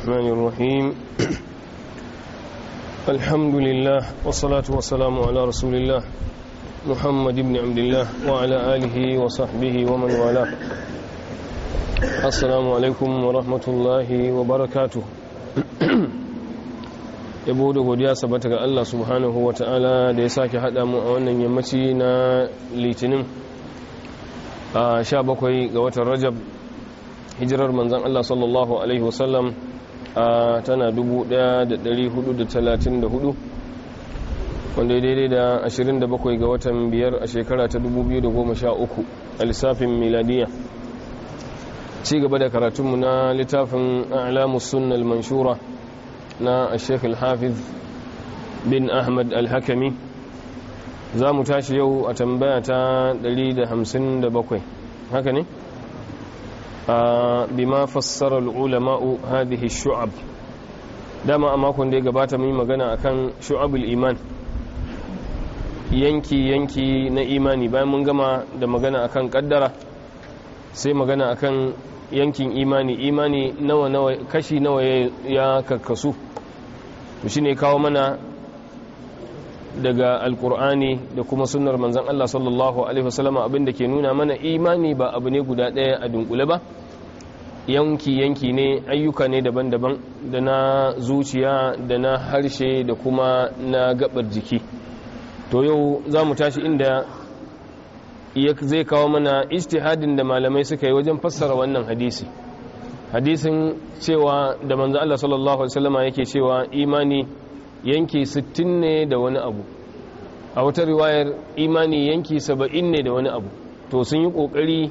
الرحمن الرحيم الحمد لله والصلاة والسلام على رسول الله محمد بن عبد الله وعلى آله وصحبه ومن والاه السلام عليكم ورحمة الله وبركاته da godiya sabata ga Allah subhanahu wa ta'ala da ya sake haɗa mu a wannan yammaci na litinin a 17 ga watan rajab hijirar manzan Allah sallallahu alaihi a tana 1434 wanda daidai da 27 ga watan biyar a shekara ta 2013 a lissafin miladiya ci gaba da karatunmu na littafin alamus sunnal manshura na sheikh al-hafiz bin ahmad alhakami hakami za mu tashi yau a tambaya ta 157 haka ne? bima fassara ulama'u hadhihi shu'ab dama a makon da ya gabata mun yi magana akan shu'abul iman yanki yanki na imani bayan mun gama da magana akan kaddara sai magana akan yankin imani imani nawa nawa kashi nawa ya kakkasu to shine kawo mana daga alkur'ani da kuma sunnar manzan Allah sallallahu alaihi wasallama abinda ke nuna mana imani ba abu ne guda ɗaya a dunkule ba yanki-yanki ne ayyuka ne daban-daban da na zuciya da na harshe da kuma na gabar jiki to yau za mu tashi inda zai kawo mana istihadin da malamai suka yi wajen fassara wannan hadisi hadisin cewa da manzo Allah sallallahu alaihi wasallama yake cewa imani yanki 60 ne da wani abu a wata riwayar imani yanki saba'in ne da wani abu to sun yi kokari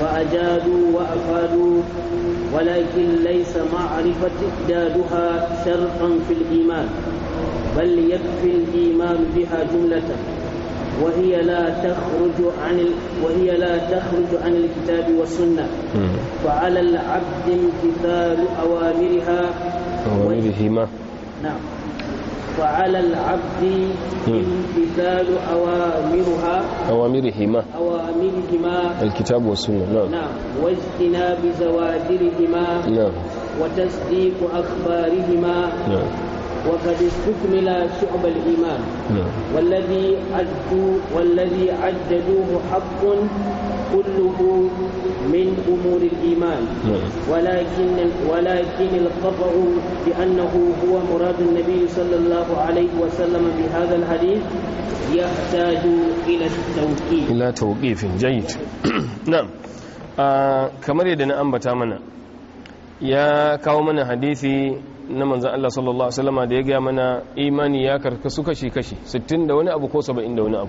فأجادوا وأفادوا ولكن ليس معرفة إجدادها شرطا في الإيمان بل يكفي الإيمان بها جملة وهي لا تخرج عن وهي لا تخرج عن الكتاب والسنة فعلى العبد امتثال أوامرها أوامرهما نعم وعلى العبد امتثال أوامرها أوامرهما أوامرهما الكتاب والسنة نعم نعم واجتناب زواجرهما نعم وتصديق أخبارهما نعم وقد استكمل شعب الإيمان نعم والذي عدوا والذي عددوه حق كله من أمور الإيمان ولكن ولكن القطع بأنه هو مراد النبي صلى الله عليه وسلم بهذا الحديث يحتاج إلى التوقيف إلى توقيف جيد نعم kamar yadda na ambata mana ya kawo mana hadisi na manzan Allah sallallahu Alaihi wasallama da ya gaya mana imani ya karkasu kashi-kashi 60 da wani abu ko 70 da wani abu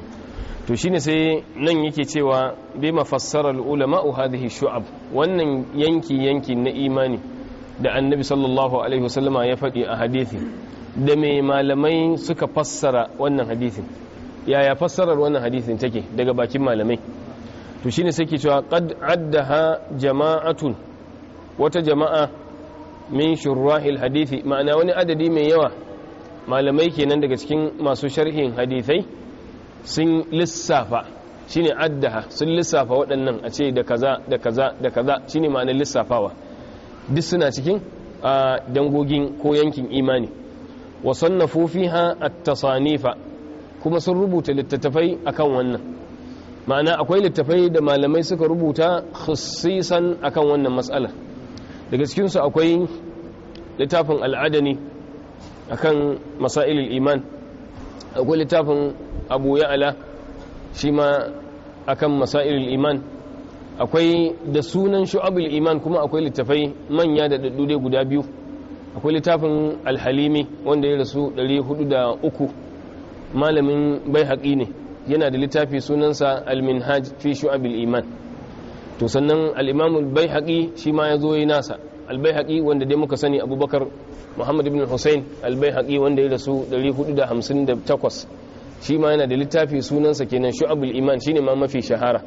to shine sai nan yake cewa bi mafassarar ulama'u hadhihi shu'ab wannan yanki yanki na imani da annabi sallallahu alaihi wasallama ya faɗi a hadisi da mai malamai suka fassara wannan ya yaya fassarar wannan hadisin take daga bakin malamai to shine sai ke cewa qad addaha jama'atun wata jama'a min shurahil-hadisi ma'ana wani adadi mai yawa malamai kenan daga cikin masu sharhin hadisai sun lissafa shine addaha sun lissafa waɗannan a ce da kaza da kaza da kaza shine ma'anar lissafawa duk suna cikin a dangogin ko yankin imani wa sannafu fiha at-tasanifa kuma sun rubuta littattafai akan wannan ma'ana akwai littattafai da malamai suka rubuta khusisan akan wannan matsala daga cikinsu akwai littafin al'adani akan masailul iman akwai littafin abu ya'ala shi ma kan masailul iman akwai da sunan shu'abul iman kuma akwai littafai manya da daddude guda biyu akwai littafin alhalimi wanda ya rasu 403 malamin bai haƙi ne yana da littafi sunansa alminhaj fi shu'abil iman to sannan al'imamul bai haƙi shi ma ya zo yi nasa albai haƙi wanda dai muka sani abubakar muhammad ibn hussein albai haƙi wanda ya rasu 458 shi ma yana da littafi sunansa kenan shu'abul iman shine ma mafi shahara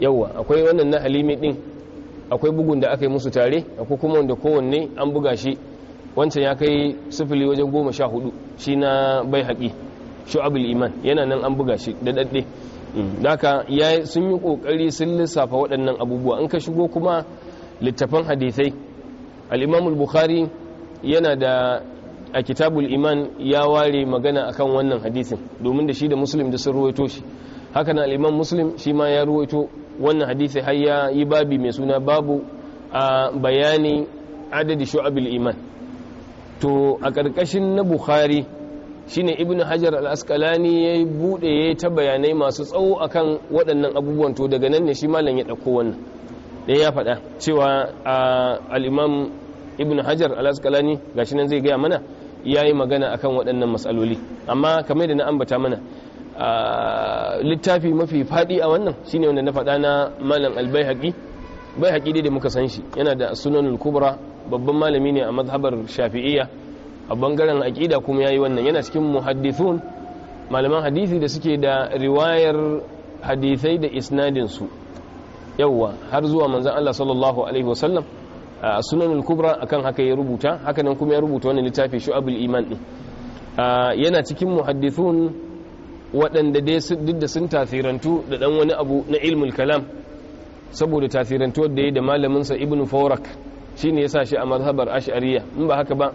yawa akwai wannan na halimi din akwai bugun da aka yi musu tare akwai kuma wanda kowanne an buga shi wancan ya kai sifili wajen goma sha hudu shi na bai haƙi shu'abul iman yana nan an buga shi da daɗe daga ya sun yi ƙoƙari sun lissafa waɗannan abubuwa in ka shigo kuma littafan hadithai al'imamul bukhari yana da a kitabul iman ya ware magana akan wannan hadisin domin da shi da muslim da sun ruwaito shi haka na al'iman muslim shi ma ya ruwaito wannan hadisi har ya yi babi mai suna babu a bayani adadi shu'abil iman to a ƙarƙashin na bukhari ne Ibn hajar al-asqalani ya buɗe ya ta bayanai masu tsawo akan waɗannan abubuwan to daga nan ne shi malam ya ɗauko wannan ɗaya ya faɗa cewa al'imam Ibn hajar al-asqalani gashi nan zai gaya mana ya yi magana akan waɗannan matsaloli amma kamar da na ambata mana littafi mafi faɗi a wannan shine wanda na faɗa na malam albai haƙi bai haƙi dai da muka san shi yana da sunan kubra babban malami ne a mazhabar shafi'iyya a bangaren aƙida kuma ya yi wannan yana cikin muhaddisun malaman hadisi da suke da riwayar hadisai da isnadin su yawwa har zuwa manzon Allah sallallahu alaihi wasallam sunan al-kubra akan haka ya rubuta haka nan kuma ya rubuta wannan littafi shu'abul iman din yana cikin muhaddithun waɗanda dai duk da sun tafirantu da dan wani abu na ilmul kalam saboda tasirantu da ya da malamin sa ibnu fawrak shine yasa shi a mazhabar ash'ariyya in ba haka ba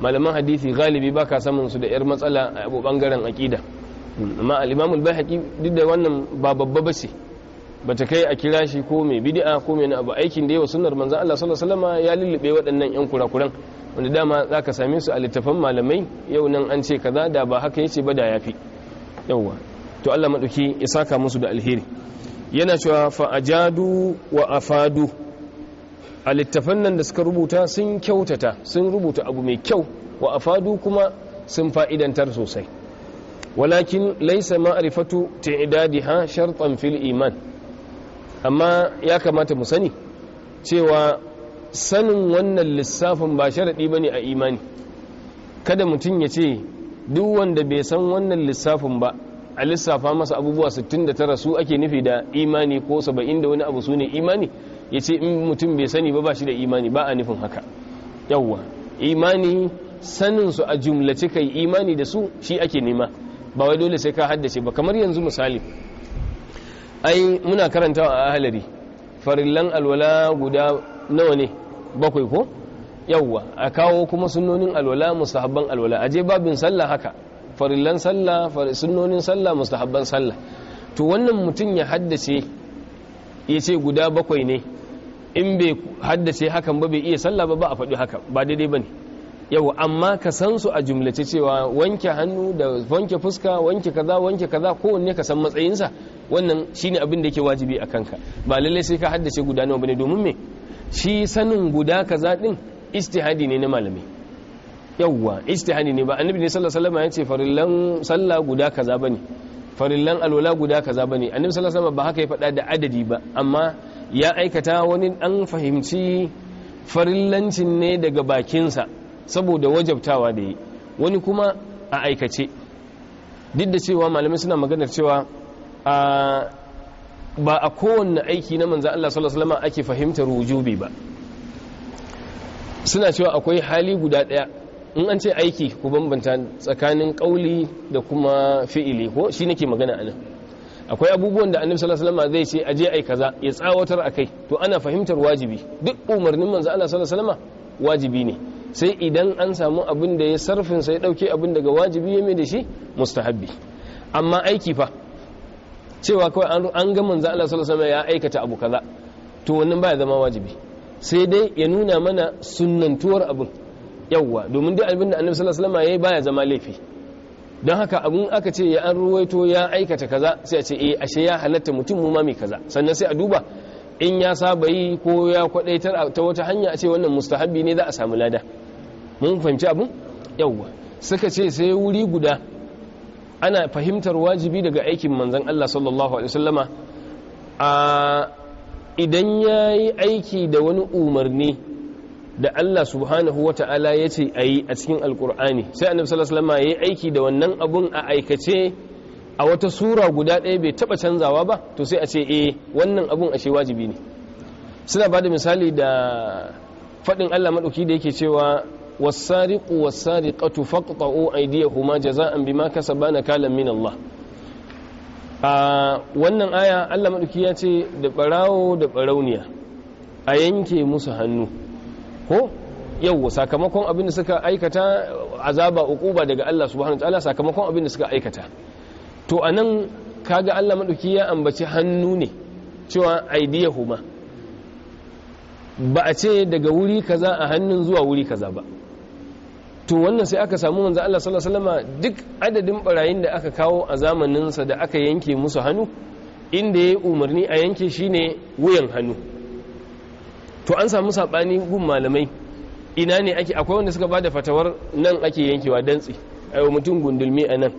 malaman hadisi galibi ba ka samun su da yar matsala a abu bangaren aqida amma al-imam al-bahaqi duk da wannan ba babba ba bace bata kai a kira shi ko mai bid'a ko mai abu aikin da yawa sunnar manzon Allah sallallahu alaihi wasallam ya lullube waɗannan yan kurakuran wanda dama zaka same su a littafan malamai yau nan an ce kaza da ba haka yace ba da yafi yawa to Allah madauki ya saka musu da alheri yana cewa fa ajadu wa afadu a littafan nan da suka rubuta sun kyautata sun rubuta abu mai kyau wa afadu kuma sun fa'idantar sosai walakin laisa ma'rifatu ta'idadiha shartan fil iman amma ya kamata mu sani cewa sanin wannan lissafin ba sharaɗi ba ne a imani kada mutum ya ce duk wanda bai san wannan lissafin ba a lissafa masa abubuwa 69 su ake nufi da imani ko 70 da wani abu su ne imani ya ce in mutum bai sani ba ba shi da imani ba a nufin haka yawwa imani sanin su a jumlaci kai imani da su shi ake nema ba wai dole sai ka haddace ba kamar yanzu misali ai muna karanta a ahalari farillan alwala guda nawa ne bakwai ko yawwa a kawo kuma sunonin alwala mustahabban alwala a je babin sallah haka farillan sallah sunonin sallah mustahabban sallah to wannan mutum ya haddace ya ce guda bakwai ne in bai haddace hakan ba bai iya sallah ba ba a faɗi haka ba daidai ba ne yau amma ka san su a jumlace cewa wanke hannu da wanke fuska wanke kaza wanke kaza kowanne ka san matsayinsa wannan shine abin da yake wajibi a kanka ba lallai sai ka haddace guda nawa bane domin me shi sanin guda kaza din istihadi ne na malamai yawwa istihadi ne ba annabi ne sallallahu alaihi wasallam ya ce farillan sallah guda kaza bane farillan alwala guda kaza bane annabi sallallahu alaihi wasallam ba haka ya faɗa da adadi ba amma ya aikata wani dan fahimci farillancin ne daga bakinsa saboda wajabtawa da yi wani kuma a aikace duk da cewa malamai suna maganar cewa ba a kowanne aiki na manzan Allah sallallahu alaihi ake fahimtar wujubi ba suna cewa akwai hali guda daya in an ce aiki ku bambanta tsakanin kauli da kuma fi'ili ko shi nake magana anan akwai abubuwan da annabi sallallahu alaihi wasallam zai ce aje ai kaza ya tsawatar akai to ana fahimtar wajibi duk umarnin manzo Allah sallallahu alaihi wasallam wajibi ne sai idan an samu abin da ya sarfin sai dauke abin daga wajibi ya mai da shi mustahabbi amma aiki fa cewa kawai an ga manzo Allah sallallahu alaihi ya aikata abu kaza to wannan ba ya zama wajibi sai dai ya nuna mana sunnantuwar abin yawwa domin duk abin da annabi sallallahu alaihi wasallam yayi baya zama laifi don haka abun aka ce ya an ruwaito ya aikata kaza sai a ce eh ashe ya halatta mutum mu ma mai kaza sannan sai a duba in ya saba yi ko ya kwadaitar ta wata hanya a ce wannan mustahabbi ne za a samu lada mun fahimci abin yawwa suka ce sai wuri guda ana fahimtar wajibi daga aikin manzan Allah sallallahu alaihi wasallama a idan ya yi aiki da wani umarni da Allah subhanahu wa ta'ala ya ce a yi a cikin alkur'ani sai annabi sallallahu ya yi aiki da wannan abun a aikace a wata sura guda ɗaya bai taɓa canzawa ba to sai a ce e, wannan abun ashe wajibi ne suna ba da misali da faɗin Allah maɗauki da yake cewa والسارق والسارقة فاقطعوا أيديهما جزاء بما كسبا نكالا من الله a wannan aya Allah maduki ya ce da ɓarawo da ɓarauniya a yanke musu hannu ko yau sakamakon abin da suka aikata azaba uquba daga Allah subhanahu ta'ala sakamakon abin da suka aikata to anan kaga Allah maduki ya ambaci hannu ne cewa huma ba a ce daga wuri kaza a hannun zuwa wuri kaza ba to wannan sai aka samu manzo Allah sallallahu alaihi wasallam duk adadin barayin da aka kawo a zamanin sa da aka yanke musu hannu inda yayi umarni a yanke shine wuyan hannu to an samu sabani gun malamai ina ne ake akwai wanda suka bada fatawar nan ake yankewa dantsi ayo mutum gundulmi a nan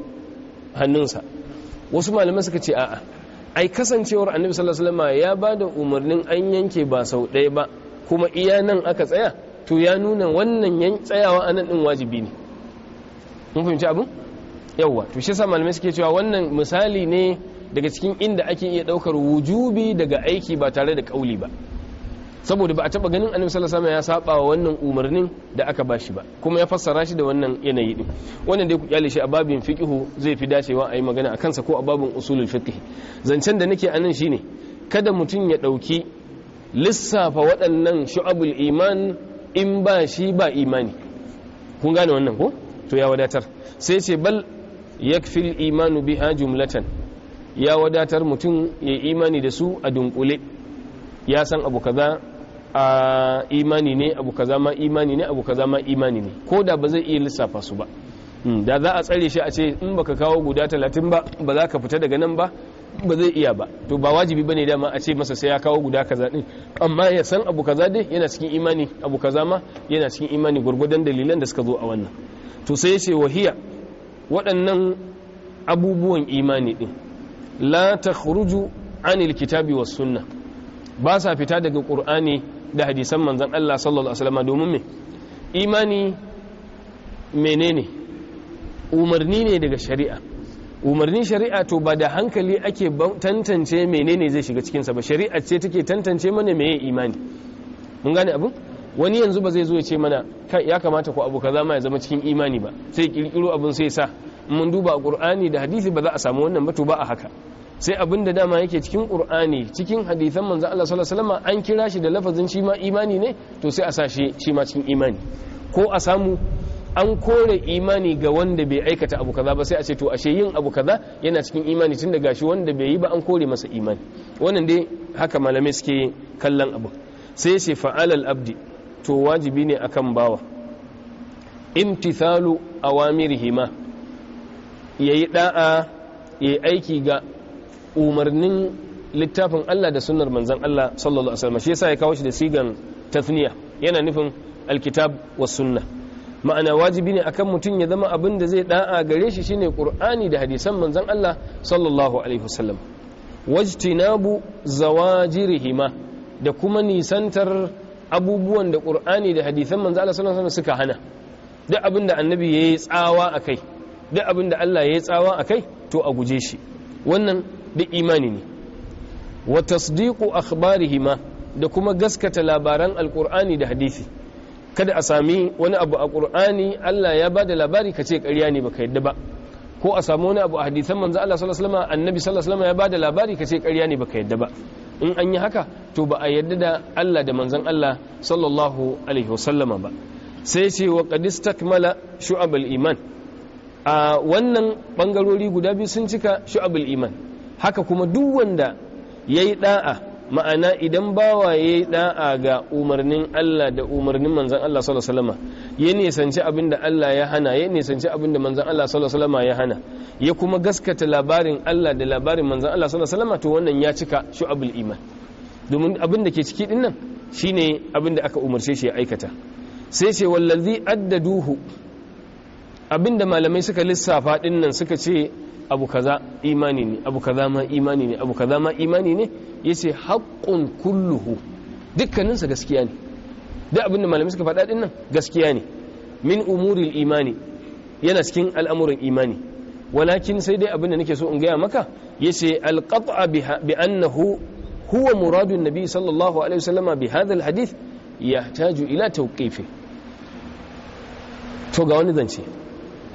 hannunsa wasu malamai suka ce a'a ai kasancewar annabi sallallahu alaihi wasallam ya bada umarnin an yanke ba sau ɗaya ba kuma iya nan aka tsaya to ya nuna wannan yan tsayawa anan din wajibi ne mun fahimci abin yawwa to shi yasa malamai suke cewa wannan misali ne daga cikin inda ake iya daukar wujubi daga aiki ba tare da kauli ba saboda ba a taba ganin annabi sallallahu alaihi ya saba wa wannan umarnin da aka bashi ba kuma ya fassara shi da wannan yanayi din wannan dai ku kyale shi a babin fiqhu zai fi dacewa a yi magana akan sa ko a babin usulul fiqh zancen da nake anan shine kada mutum ya dauki lissafa waɗannan shu'abul iman in ba shi ba imani kun gane wannan ko to ya wadatar sai ce bal yakfil imanu biha jumlatan ya wadatar mutum ya imani da su a dunkule ya san abu kaza a imani ne abu kaza ma imani ne abu kaza ma imani ne ko da ba zai iya lissafa su ba hmm, da za a tsare shi a ce in baka kawo guda talatin ba ba za ka fita daga nan ba ba zai iya ba to ba wajibi bane dama a ce masa sai ya kawo guda kaza din amma ya san abu kaza dai yana cikin imani abu kaza ma yana cikin imani gurgudan dalilan da suka zo a wannan to sai ya ce wahiya waɗannan abubuwan imani din la takhruju anil kitabi was sunna ba sa fita daga qur'ani da hadisan manzon Allah sallallahu alaihi wasallam domin me imani menene umarni ne daga shari'a umarnin shari'a to ba da hankali ake tantance menene zai shiga cikin sa ba shari'a ce take tantance mana meye imani mun gane abu wani yanzu ba zai zo ya ce mana ya kamata ko abu kaza ma ya zama cikin imani ba sai kirkiro abin sai sa mun duba qur'ani da hadisi ba za a samu wannan ba to ba a haka sai abin da dama yake cikin qur'ani cikin hadisan manzo Allah sallallahu alaihi wasallam an kira shi da lafazin shi ma imani ne to sai a sa shi shi ma cikin imani ko a samu an kore imani ga wanda bai aikata abu kaza ba sai a ce to ashe yin abu kaza yana cikin imani tun da gashi wanda bai yi ba an kore masa imani wannan dai haka malamai suke kallon abu sai ce fa'alal abdi to wajibi ne akan bawa imtithalu awamirihi ma yayi da'a yayi aiki ga umarnin littafin Allah da sunnar manzon Allah sallallahu alaihi wasallam shi yasa ya kawo shi da sigan tasniya yana nufin alkitab was sunnah ma'ana wajibi ne akan mutum ya zama abin da zai da'a gare shi shine qur'ani da hadisan manzon Allah sallallahu alaihi wasallam wajtinabu zawajirihima da kuma nisantar abubuwan da qur'ani da hadisan manzon Allah sallallahu alaihi wasallam suka hana duk abin da annabi yayi tsawa akai duk abin da Allah yayi tsawa akai to a guje shi wannan da imani ne wa tasdiqu akhbarihima da kuma gaskata labaran alqur'ani da hadisi kada a sami wani abu a ƙur'ani Allah ya ba da labari ka ce ƙarya ne ka yadda ba ko a samu wani abu a hadisan manzo Allah sallallahu alaihi wasallam annabi sallallahu alaihi wasallam ya ba da labari ka ce ƙarya ne ka yadda ba in an yi haka to ba a yadda da Allah da manzon Allah sallallahu alaihi wasallama ba sai ce wa qad shu'abul iman a wannan bangarori guda biyu sun cika shu'abul iman haka kuma duk wanda yayi da'a ma'ana idan wa ya yi da'a ga umarnin Allah da umarnin manzan Allah sallallahu ya nisanci abin da Allah ya hana ya nisanci abin da manzan Allah sallallahu ya hana ya kuma gaskata labarin Allah da labarin manzan Allah sallallahu to wannan ya cika shu'abul iman domin abin da ke ciki din nan shine abin da aka umarce shi ya aikata sai ce wallazi addaduhu abin da malamai suka lissafa din nan suka ce abu kaza imani ne abu kaza ma imani ne abu kaza ma imani ne yace haqqun kulluhu dukkaninsa gaskiya ne duk da malamai suka faɗa dinnan gaskiya ne min umuril imani yana cikin al'amuran imani walakin sai dai abinda nake so in gaya maka yace alqat'a bi annahu huwa muradun nabi sallallahu alaihi wasallama bi hadha alhadith yahtaju ila tawqifi to ga wani zance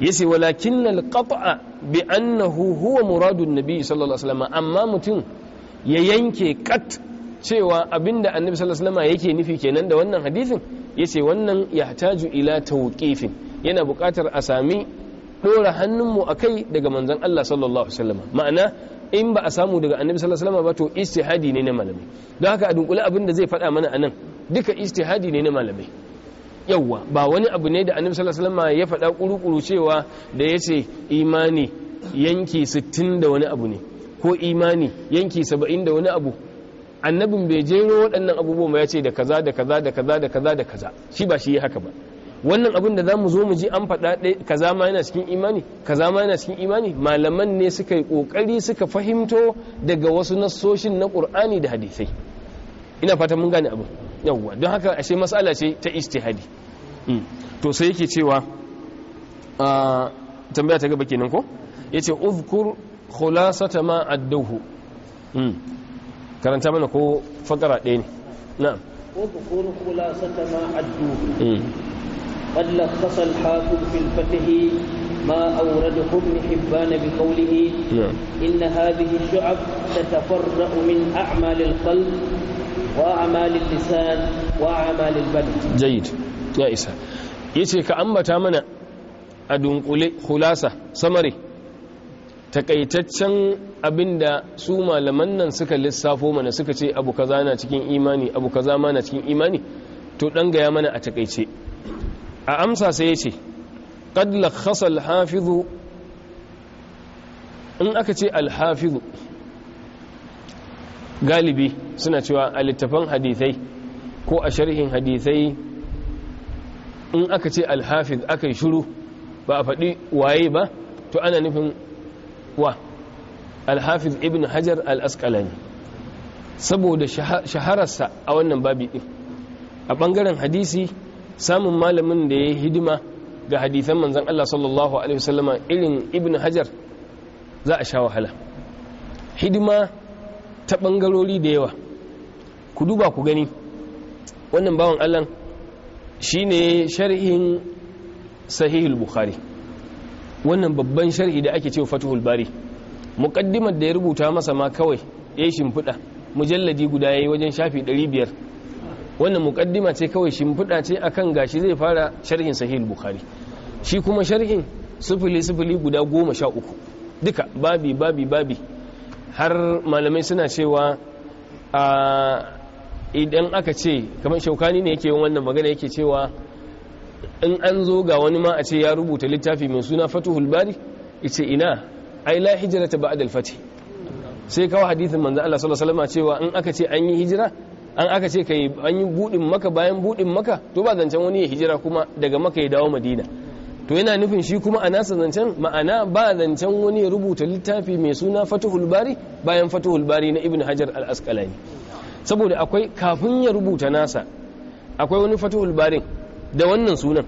yace walakin alqata bi annahu huwa muradun nabi sallallahu alaihi wasallam amma mutum ya yanke kat cewa abinda annabi sallallahu alaihi wasallam yake nufi kenan da wannan hadisin yace wannan yahtaju ila tawqifin yana buƙatar a sami dora hannunmu akai daga manzon Allah sallallahu alaihi wasallam ma'ana in ba a samu daga annabi sallallahu alaihi wasallam ba to istihadi ne na malamai don haka a dunkule abin da zai faɗa mana anan duka istihadi ne na malamai yauwa ba wani abu ne da annabi sallallahu alaihi wasallam ya faɗa kurukuru cewa da yace imani yanki 60 da wani abu ne ko imani yanki 70 da wani abu annabin bai jero waɗannan abubuwan ba ya ce da kaza da kaza da kaza da kaza da kaza shi ba shi ya haka ba wannan abin da zamu zo mu ji an faɗa kaza ma yana cikin imani kaza ma yana cikin imani malaman ne suka yi ƙoƙari suka fahimto daga wasu nassoshin na ƙur'ani da hadisai ina fatan mun gane abin yawwa don haka ashe matsala ce ta ijtihadi hmm. to sai yake cewa tambaya ta gaba kenan ko yace uzkur khulasata ma adduhu hmm. karanta mana ko fakara ɗaya ne na'am uzkur khulasata ma adduhu قد لخص الحافظ في الفتح ما أورده ابن حبان بقوله إن هذه الشعب تتفرأ من أعمال القلب وأعمال اللسان وأعمال البدن جيد يا إسا yace ka ambata mana a dunkule hulasa samari takaitaccen abinda su malaman nan suka lissafo mana suka ce abu kaza na cikin imani abu kaza ma na cikin imani to dan mana a takaice a amsa sai yace qad lakhasa al-hafiz in aka ce al-hafiz galibi suna cewa a littafan hadisai ko a sharhin hadisai in aka ce alhafiz aka yi shuru ba a faɗi waye ba to ana nufin wa alhafiz ibn hajar al'askalani saboda shahararsa a wannan babi ɗin a ɓangaren hadisi samun malamin da ya hidima ga hadisan manzan Allah sallallahu Alaihi wasallama irin ibn hajar za a sha wahala hidima ta ɓangarori da yawa ku duba ku gani wannan bawan allah shi ne sharhin sahihul bukhari wannan babban sharhi da ake cewa fatuhul bari muƙaddimar da ya rubuta masa ma kawai ya shimfiɗa mujalladi guda ya yi wajen shafi 500 wannan muƙaddima ce kawai shimfiɗa ce kan gashi zai fara sharhin sahihul bukhari shi kuma sharhin sufili sufili guda goma sha uku duka babi babi babi har malamai suna cewa idan aka ce kamar shaukani ne yake yin wannan magana yake cewa in an zo ga wani ma a ce ya rubuta littafi mai suna fatuhul bari ice ina ai la hijira ta ba'ad fati? sai kawo hadithin manzo Allah sallallahu alaihi wasallam cewa in aka ce an yi hijira an aka ce kai an yi budin maka bayan budin maka to ba zancen wani ya hijira kuma daga maka ya dawo madina to yana nufin shi kuma a nasa zancen ma'ana ba zancen wani ya rubuta littafi mai suna fatuhul bari bayan fatuhul bari na ibn hajar al-asqalani saboda akwai kafin ya rubuta nasa akwai wani fatuhul barin da wannan sunan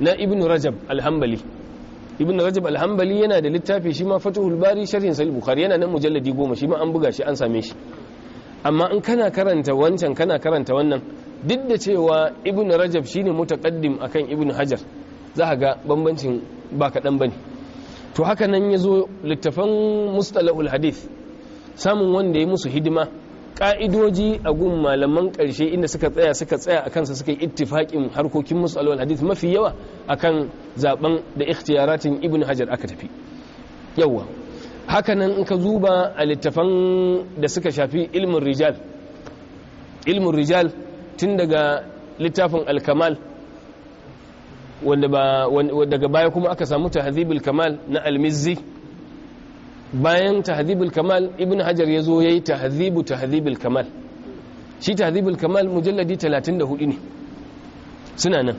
na ibn rajab al-hanbali ibn rajab al-hanbali yana da littafi shi ma fatuhul bari sharhin sahih bukhari yana nan mujalladi goma shi ma an buga shi an same shi amma in kana karanta wancan kana karanta wannan duk da cewa ibn rajab shine mutaqaddim akan ibn hajar za a ga bambancin ba kaɗan ba ne to haka nan ya zo littafan mustalahul hadith samun wanda ya musu hidima ƙa'idoji a gun malaman ƙarshe inda suka tsaya suka tsaya a kansa suka yi ittifaƙin harkokin musalwal hadith mafi yawa a kan zaben da ikhtiyaratin ibn hajar aka tafi yawa hakanan in ka zuba a littafan da suka shafi ilmin rijal ilmin rijal tun daga littafin alkamal wanda ba daga baya kuma aka samu tahdhibul kamal na al-mizzi bayan tahdhibul kamal ibn hajar ya zo yayi tahdhibu tahdhibul kamal shi tahdhibul kamal mujalladi 34 ne suna nan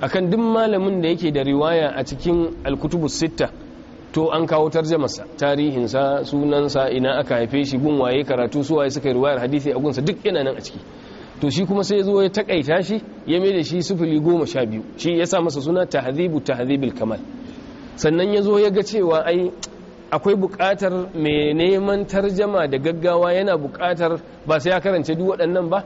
akan duk malamin da yake da riwaya a cikin al-kutubus sitta to an kawo tarihin sa sunan sa ina aka haife shi gun waye karatu su waye suka riwayar hadisi a gunsa duk yana nan a ciki to shi kuma sai zo ya takaita shi ya mai da shi sifili goma sha biyu shi ya sa masa suna ta tahzibil kamal sannan ya zo ya ga cewa ai akwai bukatar mai neman tarjama da gaggawa yana bukatar ba sai ya karance duk waɗannan ba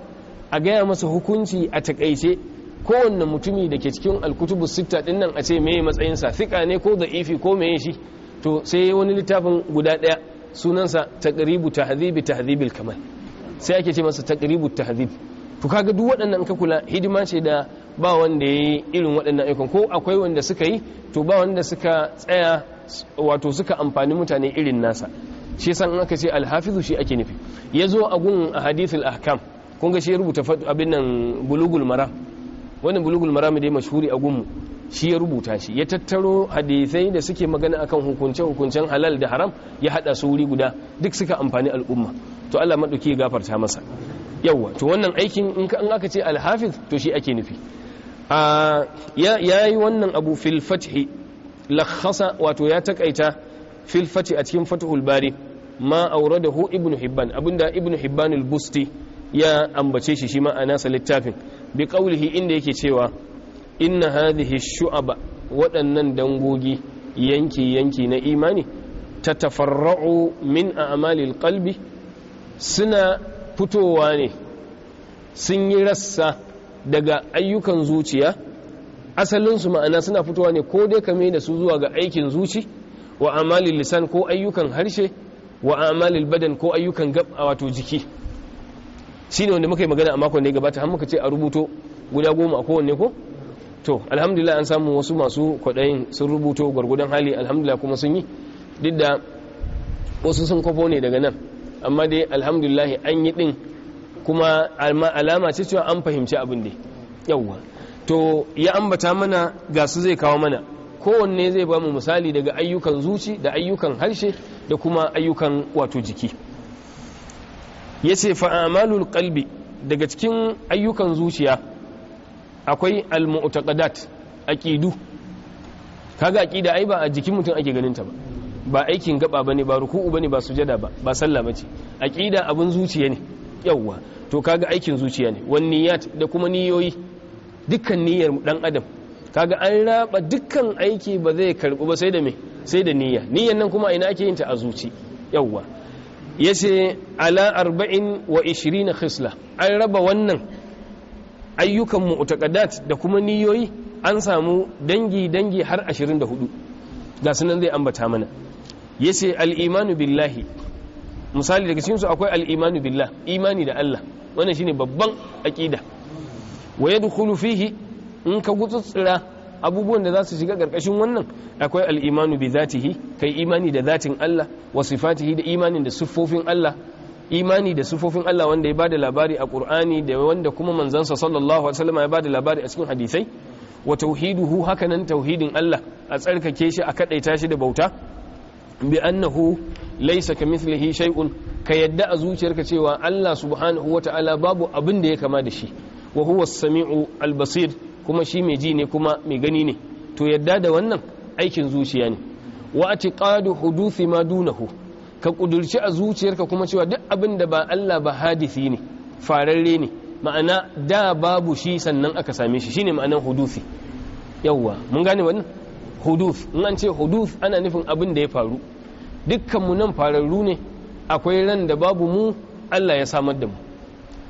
a gaya masa hukunci a takaice kowanne mutumi da ke cikin alkutubu sita ɗin nan a ce mai matsayinsa fika ne ko za'ifi ko mai shi to sai wani littafin guda ɗaya sunansa taqribu ta tahzibil kamal sai ake ce masa taqribu tahzib to kaga duk waɗannan ka kula hidima ce da ba wanda ya yi irin waɗannan aikon ko akwai wanda suka yi to ba wanda suka tsaya wato suka amfani mutane irin nasa shi san aka ce alhafizu shi ake nufi ya zo a gun a hadithul ahkam kun ga shi ya rubuta abin nan bulugul mara wannan bulugul maram dai mashuri a gunmu shi ya rubuta shi ya tattaro hadithai da suke magana akan hukunce hukuncen halal da haram ya hada su wuri guda duk suka amfani al'umma to Allah madauki ya gafarta masa yawwa to wannan aikin in aka ce alhafiz to shi ake nufi ya yi wannan abu fil lakhasa wato ya takaita fil a cikin fathul bari ma hu ibnu hibban abinda ibnu hibban al-busti ya ambace shi shi ma a nasa littafin bi qawlihi inda yake cewa inna hadhihi shu'aba waɗannan dangogi yanki yanki na imani tatafarra'u min a'malil qalbi suna fitowa ne sun yi rassa daga ayyukan zuciya asalinsu ma'ana suna fitowa ne ko dai kame da su zuwa ga aikin zuci wa amalin lisan ko ayyukan harshe wa amalin badan ko ayyukan gab a wato jiki shi ne wanda muka yi magana a makon da ya gabata har muka ce a rubuto guda goma a kowanne ko to alhamdulillah an samu wasu masu kwaɗayin sun rubuto gwargwadon hali alhamdulillah kuma sun yi duk da wasu sun kwafo ne daga nan amma dai alhamdulillah an yi din kuma alama ce cewa an fahimci abin da yawwa to ya ambata mana ga su zai kawo mana kowanne zai ba mu misali daga ayyukan zuci da ayyukan harshe da kuma ayyukan wato jiki ya ce fa'amalul kalbi daga cikin ayyukan zuciya akwai almu'utakadat a kidu kaga aqida ai ba a jikin mutum ake ganin ta ba ba aikin gaba bane ba ruku'u bane ba sujada ba ba sallah bace aqida abun zuciya ne yawwa to kaga aikin zuciya ne wan niyyat da kuma niyoyi dukkan niyyar dan adam kaga an raba dukkan aiki ba zai karbu ba sai da me sai da niyya niyyan nan kuma ina ake yin ta a zuci yawwa yace ala arba'in wa khisla an raba wannan ayyukan mu'taqadat da kuma niyoyi an samu dangi dangi har 24 ga sunan zai ambata mana ya ce al'imanu billahi misali daga cikinsu akwai al'imanu billah imani da Allah wannan shine babban aƙida wa ya dukulu fihi in ka gutsutsura abubuwan da za su shiga ƙarƙashin wannan akwai al'imanu bi zatihi kai imani da zatin Allah wa sifatihi da imanin da siffofin Allah imani da sufofin Allah wanda ya bada labari a Qur'ani da wanda kuma manzansa sallallahu alaihi wasallam ya bada labari a cikin hadisai wa tauhiduhu hakanan tauhidin Allah a tsarkake shi a kadaita shi da bauta bi annahu laysa kamithlihi shay'un ka yadda a zuciyarka cewa Allah subhanahu ta'ala babu abin da ya kama da shi wa huwa as-sami'u al-basir kuma shi mai ji ne kuma mai gani ne to yadda da wannan aikin zuciya ne wa atiqadu huduthi ma dunahu ka kudurci a zuciyarka kuma cewa duk abin da ba Allah ba hadisi ne fararre ne ma'ana da babu shi sannan aka same shi shine ma'anan hudufi yawwa mun gane wannan huduth in an ce huduth ana nufin abin da ya faru dukkanmu nan fararru ne akwai ran da babu mu Allah ya samar da mu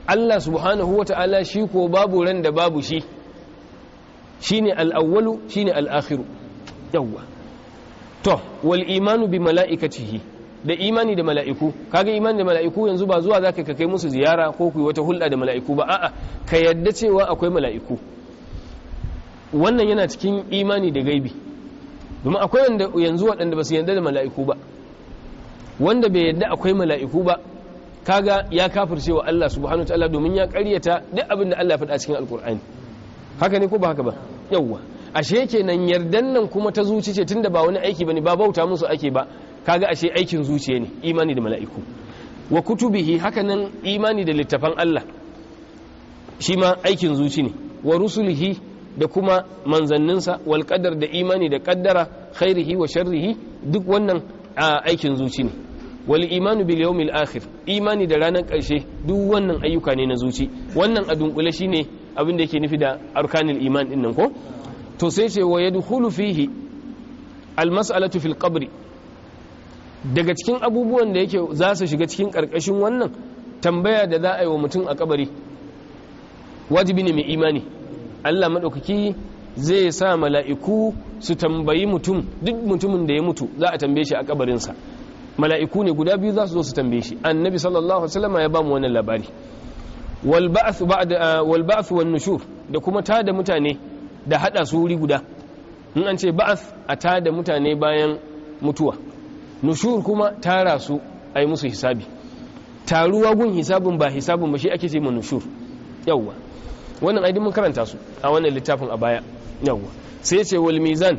Allah subhanahu wata'ala shi ko babu ran da babu shi shine al shine al yawwa to wal imanu bi mala'ikatihi da imani da mala'iku kaga imani da mala'iku yanzu ba zuwa zaka ka kai musu ziyara ko ku wata hulɗa da mala'iku ba a'a ka yadda cewa akwai mala'iku wannan yana cikin imani da gaibi domin akwai wanda yanzu waɗanda ba su yarda da mala'iku ba wanda bai yarda akwai mala'iku ba kaga ya kafirce wa Allah subhanahu ta'ala domin ya karyata duk abin da Allah ya faɗa cikin alkur'ani haka ne ko ba haka ba yawwa ashe kenan yardan nan kuma ta zuci ce da ba wani aiki bane ba bauta musu ake ba kaga ashe aikin zuciya ne imani da mala'iku wa kutubihi haka nan imani da littafan Allah shi ma aikin zuci ne wa rusulihi da kuma manzanninsa wal da imani da ƙaddara khairihi wa sharrihi duk wannan aikin zuci ne wal imanu bil yawmil akhir imani da ranar karshe duk wannan ayyuka ne na zuci wannan a dunkule shine abin da yake nufi da arkanul iman din nan ko to sai ce wa yadkhulu fihi al mas'alatu fil qabri daga cikin abubuwan da yake za su shiga cikin karkashin wannan tambaya da za a yi wa mutum a kabari wajibi ne mai imani Allah maɗaukaki zai sa mala'iku su tambayi mutum duk mutumin da ya mutu za a tambaye shi a kabarinsa mala'iku ne guda biyu za su zo su tambaye shi annabi sallallahu alaihi wasallam ya ba mu wannan labari wal ba'th ba'da wal ba'th wan nushur da kuma tada mutane da hada su wuri guda in an ce ba'th a tada mutane bayan mutuwa nushur kuma tara su ai musu hisabi taruwa gun hisabin ba hisabin ba shi ake ce mu nushur yawwa wannan aidi mun karanta su a wannan littafin a baya yawwa sai ce wal mizan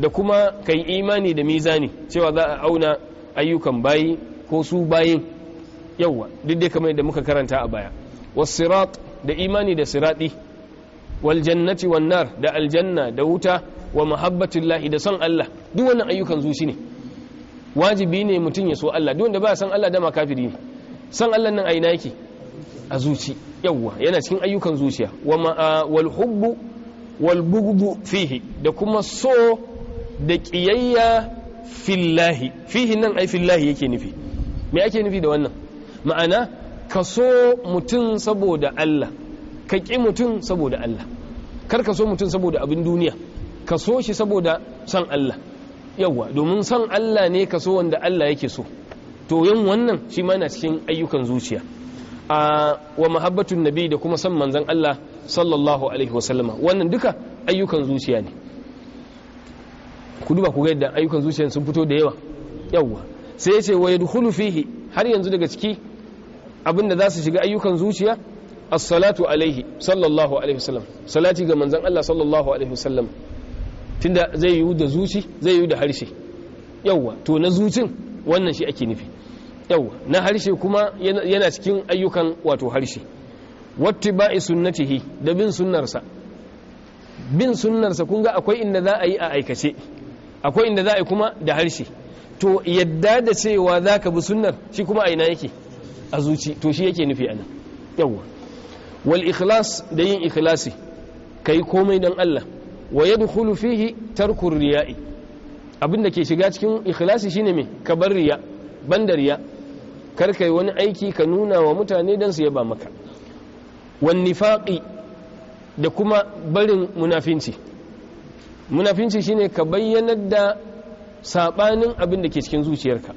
da kuma kai imani da mizani cewa za a auna ayyukan bayi ko su bayin yawwa duk dai kamar yadda muka karanta a baya was sirat da imani da sirati wal jannati wan nar da aljanna da wuta wa mahabbatillahi da son Allah duk wannan ayyukan zuci ne wajibi ne mutum ya so Allah duk wanda ba san Allah dama kafiri ne san Allah nan a ina yake a zuci yawwa yana cikin ayyukan zuciya wal hubbu wal bughdu fihi da kuma so da ƙiyayya fillahi fihi nan ai fillahi yake nufi me ake nufi da wannan ma'ana ka so mutum saboda Allah ka ki mutum saboda Allah kar ka so mutum saboda abin duniya ka so shi saboda san Allah yawwa domin san Allah ne ka so wanda Allah yake so to yin wannan shi ma na cikin ayyukan zuciya a wa mahabbatun nabi da kuma san manzan Allah sallallahu alaihi wasallama wannan duka ayyukan zuciya ne ku duba ku ga yadda ayyukan zuciya sun fito da yawa yawa sai ya ce wa yadkhulu fihi har yanzu daga ciki abinda za su shiga ayyukan zuciya as-salatu alaihi sallallahu alaihi wasallam salati ga manzan Allah sallallahu alaihi wasallam tunda zai yi da zuci zai yi da harshe yawa to na zucin wannan shi ake nufi yau na harshe kuma yana cikin ayyukan wato harshe wata ba'i sunnatihi da bin sunnarsa bin sunnarsa kun ga akwai inda za a yi a aikace akwai inda za a yi kuma da harshe to yadda da cewa za ka bi sunnar shi kuma a ina yake a zuci to shi yake nufi anan yawwa wal ikhlas da yin ikhlasi kai komai don Allah wa yadkhulu fihi tarkur riya'i abinda ke shiga cikin ikhlasi shine me kabar riya banda riya kar yi wani aiki ka nuna wa mutane don su yaba maka wani da kuma barin munafinci munafinci shine ka bayyanar da saɓanin abin da ke cikin zuciyarka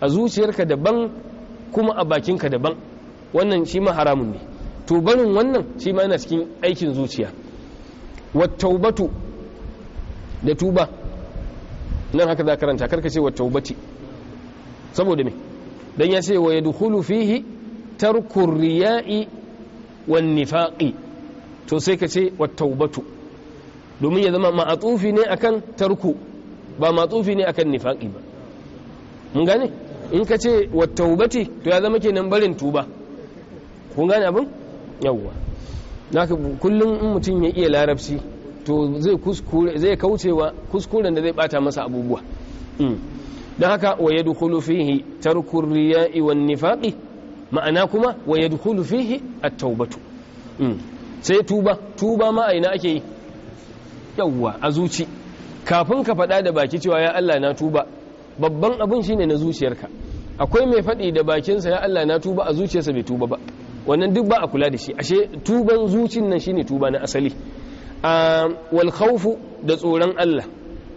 a zuciyarka daban kuma a bakinka daban wannan shi ma haramun ne to barin wannan shi ma yana cikin aikin zuciya wattaubatu da tuba nan haka za karanta karkace ce wattaubati saboda me dan ya ce wa yadkhulu fihi tarkur riya'i wan nifaqi to sai ka ce wa taubatu domin ya zama ma'atufi ne akan tarku ba ma'atufi ne akan nifaqi ba mun gane in ka ce wa taubati to ya zama kenan barin tuba kun gane abin yawwa naka kullum in mutum ya iya larabci to zai kaucewa kuskuren da zai bata masa abubuwa hmm. don haka wa yadkhulu fihi tarkur riya'i wan nifaqi ma'ana kuma wa yadkhulu fihi at-taubatu mm. sai tuba tuba ma ake yi yawwa a zuci kafin ka faɗa da baki cewa ya Allah na tuba babban abin shine na zuciyarka akwai mai faɗi da bakinsa ya Allah na tuba a zuciyarsa bai tuba ba wannan duk ba a kula da shi ashe tuban zucin nan shine tuba na asali wal khawfu da tsoron Allah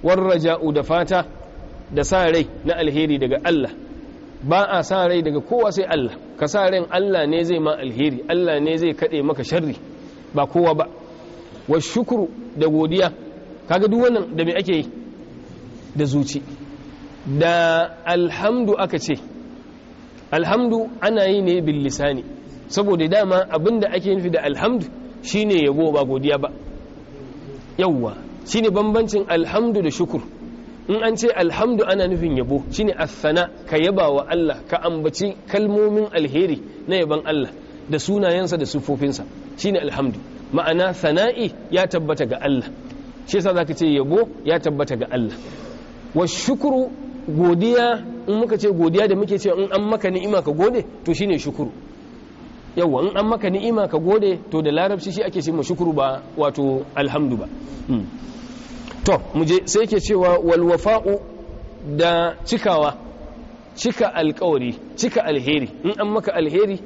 war raja'u da fata da sa rai na alheri daga Allah ba a sa rai daga kowa sai Allah ka sa ran Allah ne zai ma alheri Allah ne zai kade maka sharri ba kowa ba wa shukuru da godiya kaga duk wannan da me ake yi da zuci da alhamdu aka ce alhamdu ana yi ne bil lisani saboda dama abinda ake nufi da alhamdu shine yabo ba godiya ba yawwa shine bambancin alhamdu da shukuru in an ce alhamdu ana nufin yabo shine asana ka yaba wa Allah ka ambaci kalmomin alheri na yaban Allah da sunayensa da sufofinsa shine alhamdu ma'ana sana'i ya tabbata ga Allah shi yasa zaka ce yabo ya tabbata ga Allah wa shukuru godiya in muka ce godiya da muke ce in an maka ni'ima ka gode to shine shukuru yawa in an maka ni'ima ka gode to da larabci shi ake shi ma shukuru ba wato alhamdu ba hmm. to muje sai ke cewa walwafa'u da cikawa cika alkawari cika alheri in an maka alheri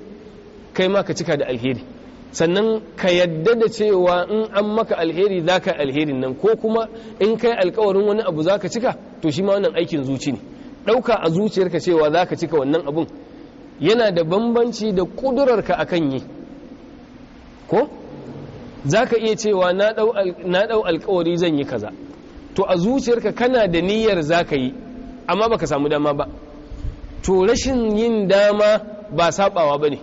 kai ma ka cika da alheri sannan ka yadda da cewa in an maka alheri za ka alherin nan ko kuma in kai alkawarin wani abu za ka cika to shi ma wannan aikin zuci ne ɗauka a zuciyarka cewa za ka cika wannan abun yana da bambanci da ƙudurarka kan yi ko za ka iya cewa na ɗau alkawari zan yi kaza to a zuciyarka kana da niyyar za ka yi amma baka samu dama ba to rashin yin dama ba sabawa ba ne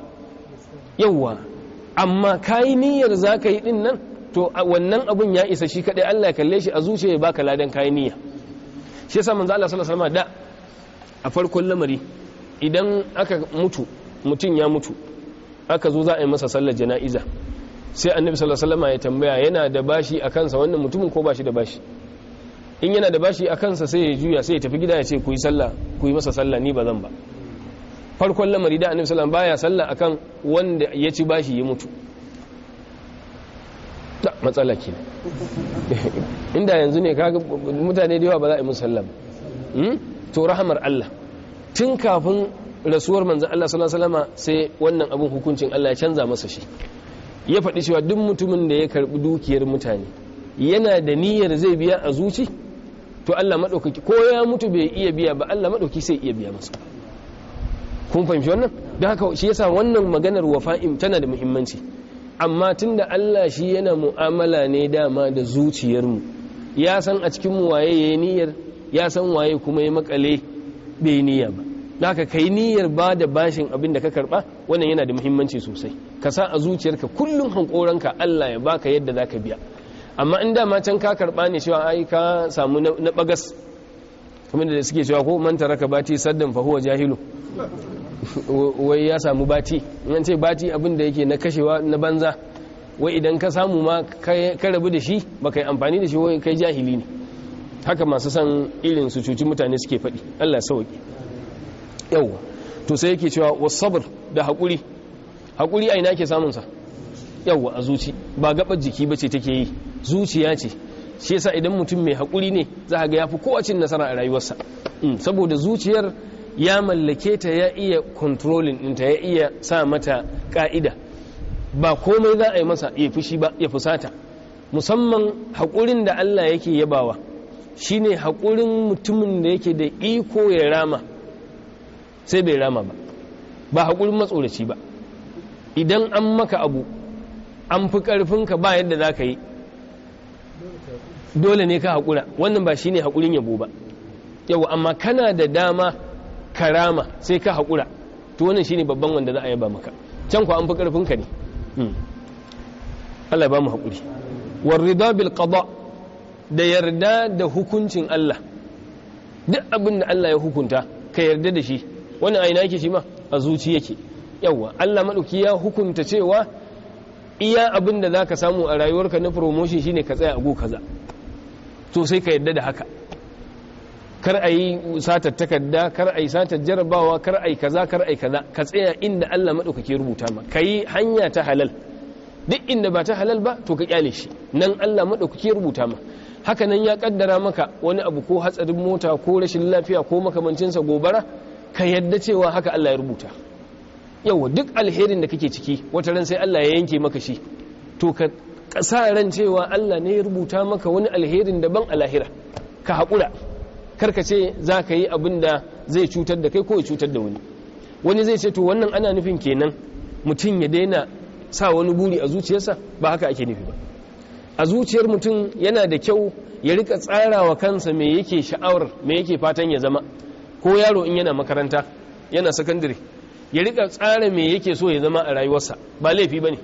yauwa amma ka yi niyyar za ka yi din nan to wannan abun ya isa shi kaɗai allah ya kalle shi a zuciya ba ka ladan kayan niyya shi yasa manzo allah sallallahu alaihi da a farkon lamari idan aka mutu mutum ya mutu aka zo za a yi masa sallar jana'iza sai annabi sallallahu alaihi ya tambaya yana da bashi a kansa wannan mutumin ko bashi da bashi in yana da bashi a kansa sai ya juya sai ya tafi gida ya ce ku yi sallah ku yi masa sallah ni ba zan ba farkon lamari da annabi sallallahu baya sallah akan wanda ya ci bashi ya mutu ta matsala ke inda yanzu ne kaga mutane da yawa ba za a yi musu sallah hmm? to rahamar Allah tun kafin rasuwar manzon Allah sallallahu alaihi wasallama sai wannan abun hukuncin Allah ya canza masa shi ya faɗi cewa duk mutumin da ya karbi dukiyar mutane yana da niyyar zai biya a zuci to Allah madaukaki ko ya mutu bai iya biya ba Allah madauki sai iya biya masa kun fahimci wannan da haka shi yasa wannan maganar wafa'im tana da muhimmanci amma tunda Allah shi yana mu'amala ne dama da zuciyarmu ya san a cikin mu waye yayi niyyar ya san waye kuma ya makale bai niyya ba da haka kai niyyar ba da bashin abin da ka karba wannan yana da muhimmanci sosai ka sa a zuciyarka kullum hankoranka Allah ya baka yadda zaka biya amma in ma can ka karba ne cewa ai ka samu na bagas kuma da suke cewa ko manta raka bati saddan fa huwa jahilu wai ya samu bati in ce bati abin da yake na kashewa na banza wai idan ka samu ma ka rabu da shi ba ka yi amfani da shi wai kai jahili ne haka masu san irin su cuci mutane suke faɗi allah sauki. yawa to sai yake cewa sabr da haƙuri haƙuri a ina ke samunsa yawa a zuci ba gaɓar jiki ba ce take yi zuciya ce shi yasa idan mutum mai haƙuri ne za a ga ya fi kowacin nasara a rayuwarsa hmm, saboda zuciyar ya mallake ta ya iya controlling ɗinta ya iya sa mata ƙa'ida ba komai za a yi masa ya fushi ba ya fusata musamman haƙurin da Allah yake yabawa shine haƙurin mutumin da yake da iko ya rama sai bai rama ba ba haƙurin matsoraci ba idan an maka abu an fi ƙarfinka ba yadda za ka yi dole ne ka haƙura wannan ba shine haƙurin yabo ba yau amma kana da dama karama sai ka haƙura to wannan shine babban wanda za a yaba maka can ku an fi ƙarfin ka ne hmm. Allah ba mu haƙuri warida bil qada da yarda da hukuncin Allah duk abin da Allah ya hukunta ka yarda da shi wannan aina yake shi ma a zuci yake yawa Allah madauki ya hukunta cewa iya abin da za ka samu a rayuwarka na promotion shine ka tsaya ago kaza to sai ka yadda da haka kar a yi satar takarda kar a yi satar jarabawa kar a yi kaza kar a yi kaza ka tsaya inda Allah maɗaukake rubuta ma ka yi hanya ta halal duk inda ba ta halal ba to ka kyale shi nan Allah maɗaukake rubuta ma haka nan ya ƙaddara maka wani abu ko hatsarin mota ko rashin lafiya ko makamancinsa gobara ka yadda cewa haka Allah ya rubuta yawa duk alherin da kake ciki wata ran sai Allah ya yanke maka shi to ka sa ran cewa Allah ne ya rubuta maka wani alherin da ban alahira ka haƙura karka ce za ka yi abin da zai cutar da kai ko ya cutar da wani wani zai ce to wannan ana nufin kenan mutum ya daina sa wani buri a zuciyarsa ba haka ake nufi ba a zuciyar mutum yana da kyau ya rika tsara wa kansa me yake sha'awar me yake fatan ya zama ko yaro in yana makaranta yana sakandare ya rika tsara me yake so ya zama a rayuwarsa ba laifi ba ne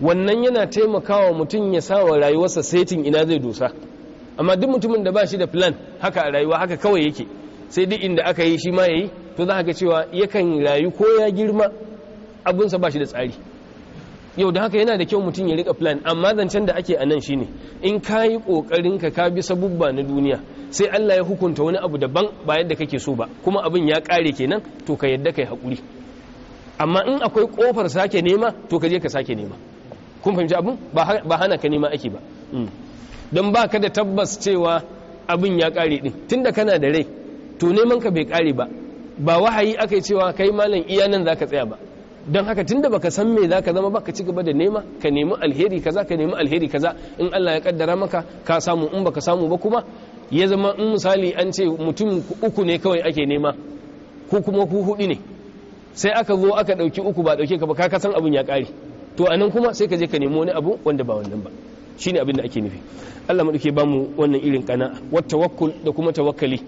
wannan yana taimakawa mutum ya sa wa rayuwarsa setin ina zai dosa amma duk mutumin da ba shi da plan haka a rayuwa haka kawai yake sai duk inda aka yi shi ma ya yi to za ka ga cewa yakan rayu ko ya girma abunsa ba shi da tsari yau da haka yana da kyau mutum ya rika plan amma zancen da ake a nan shine in ka yi kokarin ka ka bi sabubba na duniya sai Allah ya hukunta wani abu daban ba yadda kake so ba kuma abin ya kare kenan to ka yadda kai hakuri amma in akwai kofar sake nema to ka je ka sake nema kun fahimci abin ba hana ka nema ake ba mm. don ba ka da tabbas cewa abin ya kare din tunda kana da rai to neman ka bai kare ba ba wahayi aka yi cewa kai malam iya nan zaka tsaya ba don haka tun da baka san me ka zama baka ci gaba da nema ka nemi alheri kaza ka nemi alheri kaza in Allah ya kaddara maka ka samu in baka samu ba kuma ya zama in misali an ce mutum uku ne kawai ake nema ko kuma ku hudu ne sai aka zo aka dauki uku ba dauke ka ba ka san abun ya kare to anan kuma sai ka je ka nemi wani abu wanda ba wannan ba shine abin da ake nufi Allah mu ba mu wannan irin kana wa tawakkul da kuma tawakkali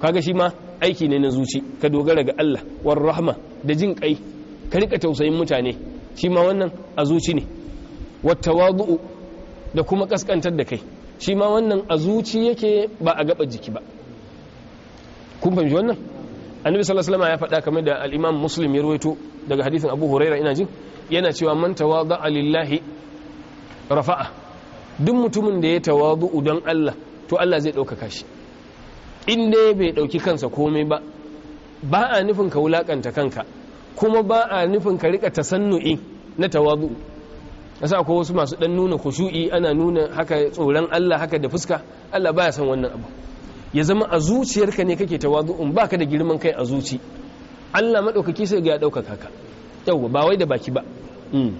kaga shi ma aiki ne na zuci ka dogara ga Allah war rahma da jin kai ka rika tausayin mutane shi ma wannan a zuci ne wadu'u da kuma kaskantar da kai shi ma wannan a zuci yake ba a gaba jiki ba kun fahimci wannan annabi sallallahu alaihi ya faɗa kamar da al-imam muslim ya ruwaito daga hadisin abu huraira ina jin yana cewa man tawada'a lillahi rafa'a duk mutumin da ya tawadu don Allah to Allah zai ɗaukaka shi in dai bai ɗauki kansa komai ba ba a nufin ka wulaƙanta kanka kuma ba a nufin ka rika tasannu'i na tawazu yasa ko wasu masu dan nuna khushu'i ana nuna haka tsoron Allah haka da fuska Allah baya son wannan abu ya zama a zuciyarka ne kake tawazu'un baka da girman kai a zuci Allah madaukaki sai ga ya dauka ka yawa ba wai da baki ba hmm.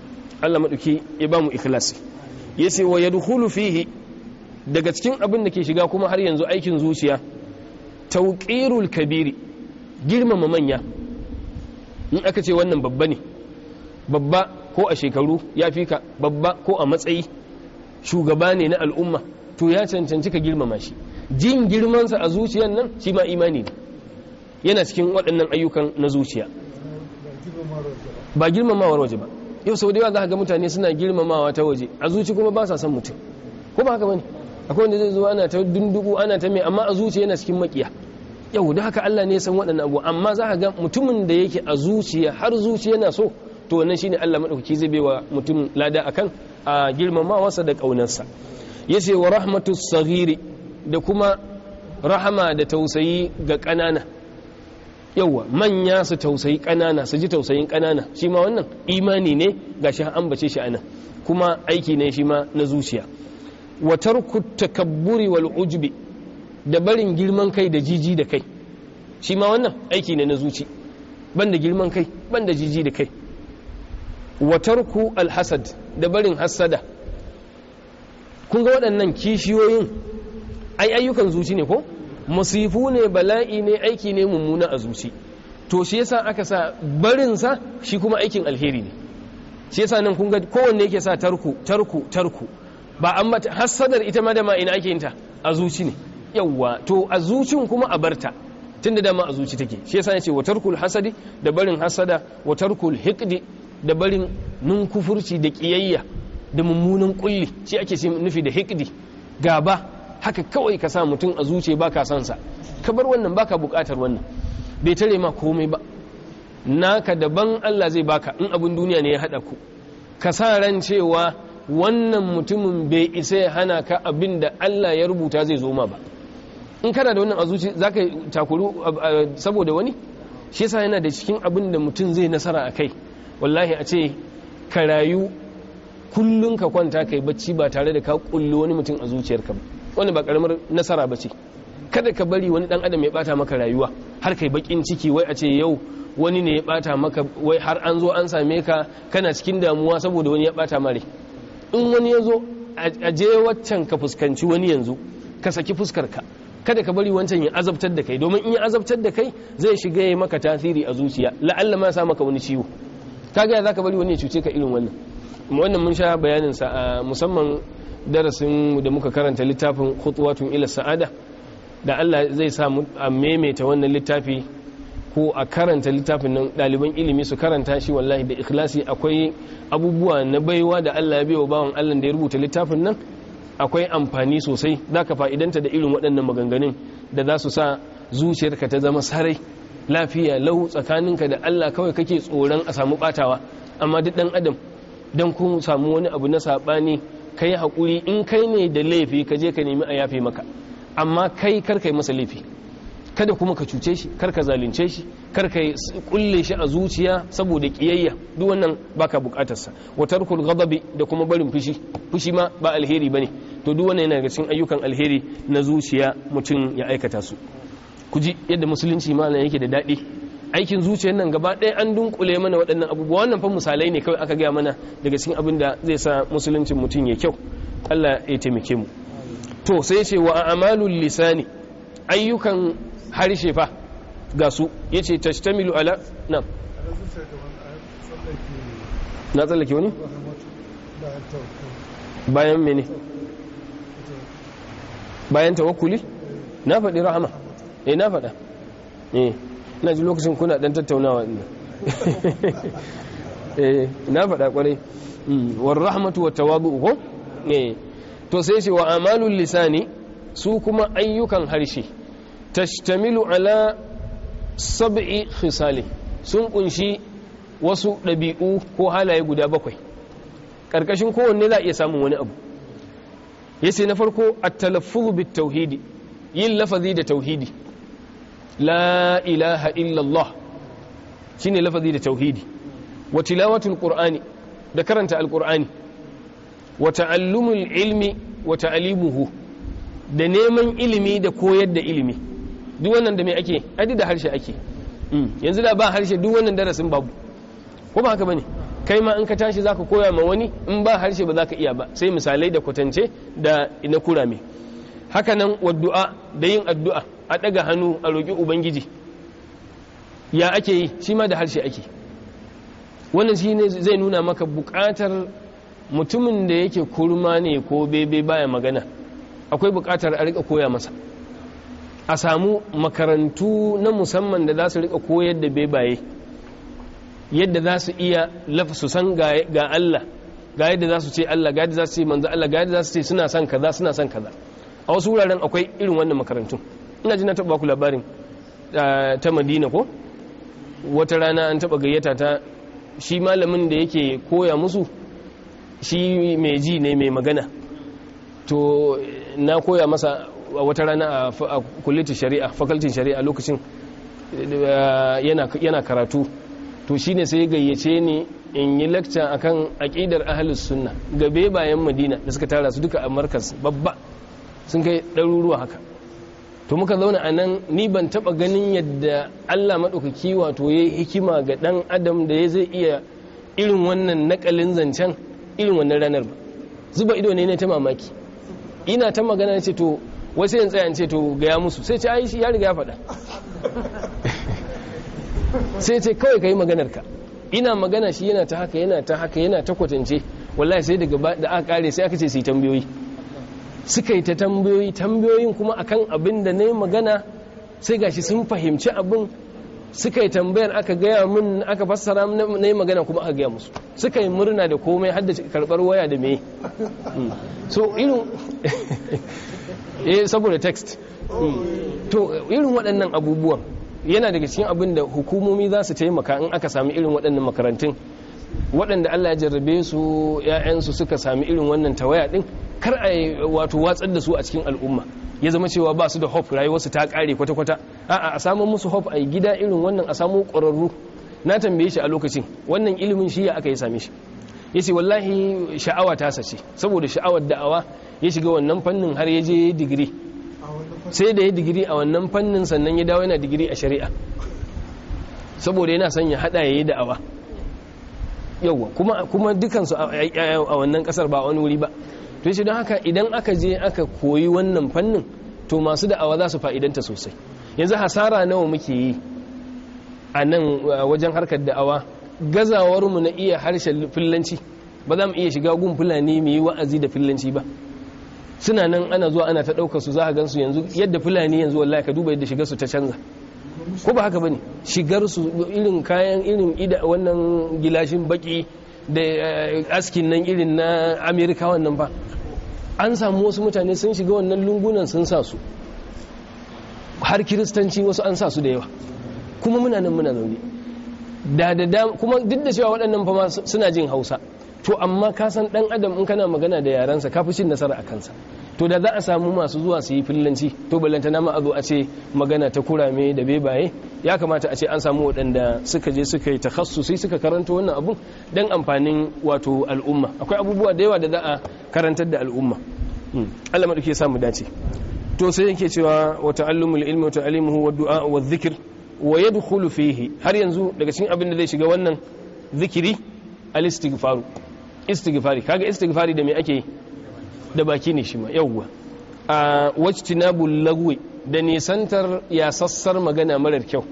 Allah madauki ya ba mu ikhlasi yace wa yadkhulu fihi daga cikin abin da ke shiga kuma har yanzu aikin zuciya tauƙirul kabiri girmama manya in aka ce wannan babba ne babba ko a shekaru ya fi ka babba ko a matsayi shugaba ne na al'umma to ya cancanci ka girmama shi jin girmansa a zuciyar nan shi ma imani ne yana cikin waɗannan ayyukan na zuciya ba girmamawar waje ba yau sau da yawa za ga mutane suna girmamawa ta waje a zuci kuma ba sa son mutum ko ba haka bane akwai wanda zai zo ana ta dunduku ana ta mai amma a zuci yana cikin makiya yau da haka Allah ne san waɗannan abu amma za ka ga mutumin da yake a zuciya har zuciya na so to wannan shine Allah madaukaki zai baiwa mutum lada akan a girmamawarsa da ƙaunarsa yace wa Rahmatus saghiri da kuma rahama da tausayi ga ƙanana yawa manya su tausayi ƙanana su ji tausayin ƙanana shi ma wannan imani ne Ga shi an ambace shi anan kuma aiki ne shi ma na zuciya wa tarku takabburi wal ujbi da barin girman kai da jiji da kai shi ma wannan aiki ne na zuci Ban da girman kai ban da jiji da kai watarku alhassad da barin hassada kun ga waɗannan kishiyoyin ai ayyukan zuci ne ko masifu ne bala'i ne aiki ne mummuna a zuci to shi yasa aka sa barinsa shi kuma aikin alheri ne shi yasa nan kun ga kowanne yake sa tarku tarku tarku ba an hassadar ita ma da ma ina ake yinta a zuci ne yawwa to a zuci kuma a barta tunda dama a zuci take shi yasa yace watarkul hasadi da barin hasada watarkul hiqdi da barin kufurci da kiyayya da mummunan kulli shi ake nufi da hiqdi gaba haka kawai ka sa mutum a ba baka san sa ka bar wannan baka bukatar wannan bai tare ma komai ba naka daban Allah zai baka in abin duniya ne ya hada ku ka sa ran cewa wannan mutumin bai isa ya hana ka abin da Allah ya rubuta zai zo ma ba in kana da wannan a za ka takuru saboda wani shi yasa yana da cikin abin da mutum zai nasara a kai wallahi a ce ka rayu kullum ka kwanta kai bacci ba tare da ka kullu wani mutum a zuciyarka ba wani ba karamar nasara ba ce kada ka bari wani dan adam ya bata maka rayuwa har kai bakin ciki wai a ce yau wani ne ya bata maka wai har an zo an same ka kana cikin damuwa saboda wani ya bata mare in wani ya zo a je waccan ka fuskanci wani yanzu ka saki fuskar ka kada ka bari wancan ya azabtar da kai domin in ya azabtar da kai zai shiga ya maka tasiri a zuciya la'alla ma sa maka wani ciwo Ka gaya za ka bari wani ya cuce ka irin wannan wannan mun sha bayanin sa a musamman darasin da muka karanta littafin khutwatun ila sa'ada da Allah zai sa a maimaita wannan littafi ko a karanta littafin nan ɗaliban ilimi su karanta shi wallahi da ikhlasi akwai abubuwa na baiwa da Allah ya baiwa bawan Allah da ya rubuta littafin nan akwai amfani sosai za ka fa'idanta da irin waɗannan maganganun da za su sa zuciyarka ta zama sarai lafiya lau tsakaninka da Allah kawai kake tsoron a samu ɓatawa amma duk ɗan adam don kun samu wani abu na saɓani ka yi haƙuri in kai ne da laifi ka je ka nemi a yafe maka amma kai kar kai masa laifi kada kuma ka cuce shi kar ka zalunce shi kar ka kulle shi a zuciya saboda kiyayya duk wannan baka bukatar sa wa tarkul ghadabi da kuma barin fushi fushi ma ba alheri bane to duk wannan yana daga cikin ayyukan alheri na zuciya mutum ya aikata su ku ji yadda musulunci malam yake da daɗi aikin zuciyar nan gaba ɗaya an dunkule mana waɗannan abubuwa wannan fa misalai ne kawai aka gaya mana daga cikin abin da zai sa musuluncin mutum ya kyau Allah ya taimake mu to sai ce wa amalul lisani ayyukan harshe fa ga su ya ce tashtamilu ala na na tsallake wani? bayan mene bayan tawakuli na faɗi rahama e na faɗa eh na ji lokacin kuna ɗan tattaunawa ina eh, na faɗa ƙwarai hmm, war rahmatu wa tawadu uku eh to sai ce wa amalul lisani su kuma ayyukan harshe tashtamilu ala sab'i khisali sun kunshi wasu ɗabi'u ko halaye guda bakwai ƙarƙashin kowanne za a iya samun wani abu ya na farko a talaffuzu bit tauhidi yin lafazi da tauhidi la ilaha illallah shi ne lafazi da tauhidi wa tilawatul qur'ani da karanta alqur'ani wa ta'allumul ilmi wa ta'alimuhu da neman ilimi da koyar da ilimi duk wannan da mai ake adi da harshe ake hmm. yanzu da ba harshe duk wannan darasin babu ko ba haka bane kai ma in ka tashi zaka koya ma wani in ba harshe ba ka iya ba sai misalai da kwatance da na kurame haka nan waddu'a da yin addu'a a daga hannu a roƙi ubangiji ya ake yi shi ma da harshe ake wannan shi ne zai nuna maka buƙatar mutumin da yake kurma ne ko bebe baya magana akwai buƙatar a rika koya masa a samu makarantu na musamman da za su rika koyar da bebaye yadda za su iya su san ga Allah ga yadda za su ce Allah ga yadda za su ce manzo Allah ga yadda za su ce suna son kaza suna son kaza a wasu wuraren akwai irin wannan makarantun ina ji na taba ku labarin ta Madina ko wata rana an taba gayyata ta shi malamin da yake koya musu shi mai ji ne mai magana to na koya masa wata rana a kullitin shari'a fakultin shari'a lokacin eh, yana karatu to shine sai gayyace ni in yi lakca akan aqidar ahlus sunna gabe bayan madina da suka tara su duka a markas babba sun kai ɗaruruwa haka to muka zauna anan ni ban taba ganin yadda allah maɗaukaki wato ya yi hikima ga ɗan adam da ya zai iya irin wannan naƙalin zancen irin wannan ranar ba zuba ido ne na ta mamaki ina ta magana ce to wasu yin tsayan ce to gaya musu sai ce ayi shi ya riga ya faɗa sai ce kawai ka yi maganarka ina magana shi yana ta haka yana ta haka yana ta kwatance wallahi sai daga da aka kare sai aka ce su yi tambayoyi suka yi ta tambayoyi tambayoyin kuma akan abin da na yi magana sai gashi sun fahimci abin suka yi tambayar aka gaya min aka fassara na yi magana kuma aka gaya musu suka yi murna da komai har da karɓar waya da me hmm. so irin eh saboda text hmm. to irin waɗannan abubuwan yana daga cikin abin da hukumomi za su taimaka in aka sami irin waɗannan makarantun waɗanda Allah ya jarrabe su ‘ya'yansu suka sami irin wannan tawaya din kar a wato watsar da su a cikin al'umma ya zama cewa ba su da hope su ta kare kwata-kwata a a samun musu hope a gida irin wannan a samu ƙwararru na tambaye shi a lokacin wannan ilimin shi ya aka yi same shi ya ce wallahi sha'awa ta sace saboda sha'awar da'awa ya shiga wannan fannin har ya je digiri sai da ya digiri a wannan fannin sannan ya dawo yana digiri a shari'a saboda yana son ya hada ya yi da'awa yawwa kuma kuma dukansu a wannan kasar ba wani wuri ba to shi don haka idan aka je aka koyi wannan fannin to masu da'awa za su fa'idanta sosai yanzu hasara nawa muke yi a nan wajen harkar da'awa gazawarmu na iya harshen fillanci ba za mu iya shiga gun fulani mu wa'azi da fillanci ba suna nan ana zuwa ana ta ɗaukar su za a gansu yanzu yadda fulani yanzu wallahi ka duba yadda shigar su ta canza ko ba haka bane shigar su irin kayan irin ida wannan gilashin baki da eh, askin nan irin na amerika wannan ba an samu wasu mutane sun shiga wannan lungunan sun sa su har kiristanci wasu an sa su da yawa kuma muna nan muna zaune da da kuma duk da cewa waɗannan fama suna jin hausa to amma ka san ɗan adam in kana magana da yarensa ka fi cin nasara a kansa to da za a samu masu zuwa su yi fillanci to balanta na ma'azo a ce magana ta kurame da bebaye ya kamata a ce an samu waɗanda suka je suka yi takhassusi suka karanta wannan abun dan amfanin wato al'umma akwai abubuwa da yawa da za a karantar da al'umma hmm. Allah maɗauki ya samu dace to sai yake cewa wa ta'allumul ilmi wa ta'alimuhu wa du'a wa dhikr wa yadkhulu fihi har yanzu daga cikin abin da zai shiga wannan zikiri al istighfaru istighfari kaga istighfari da me ake da baki ne shi ma yawwa a wajtinabul lagwi da nisantar sassar magana marar kyau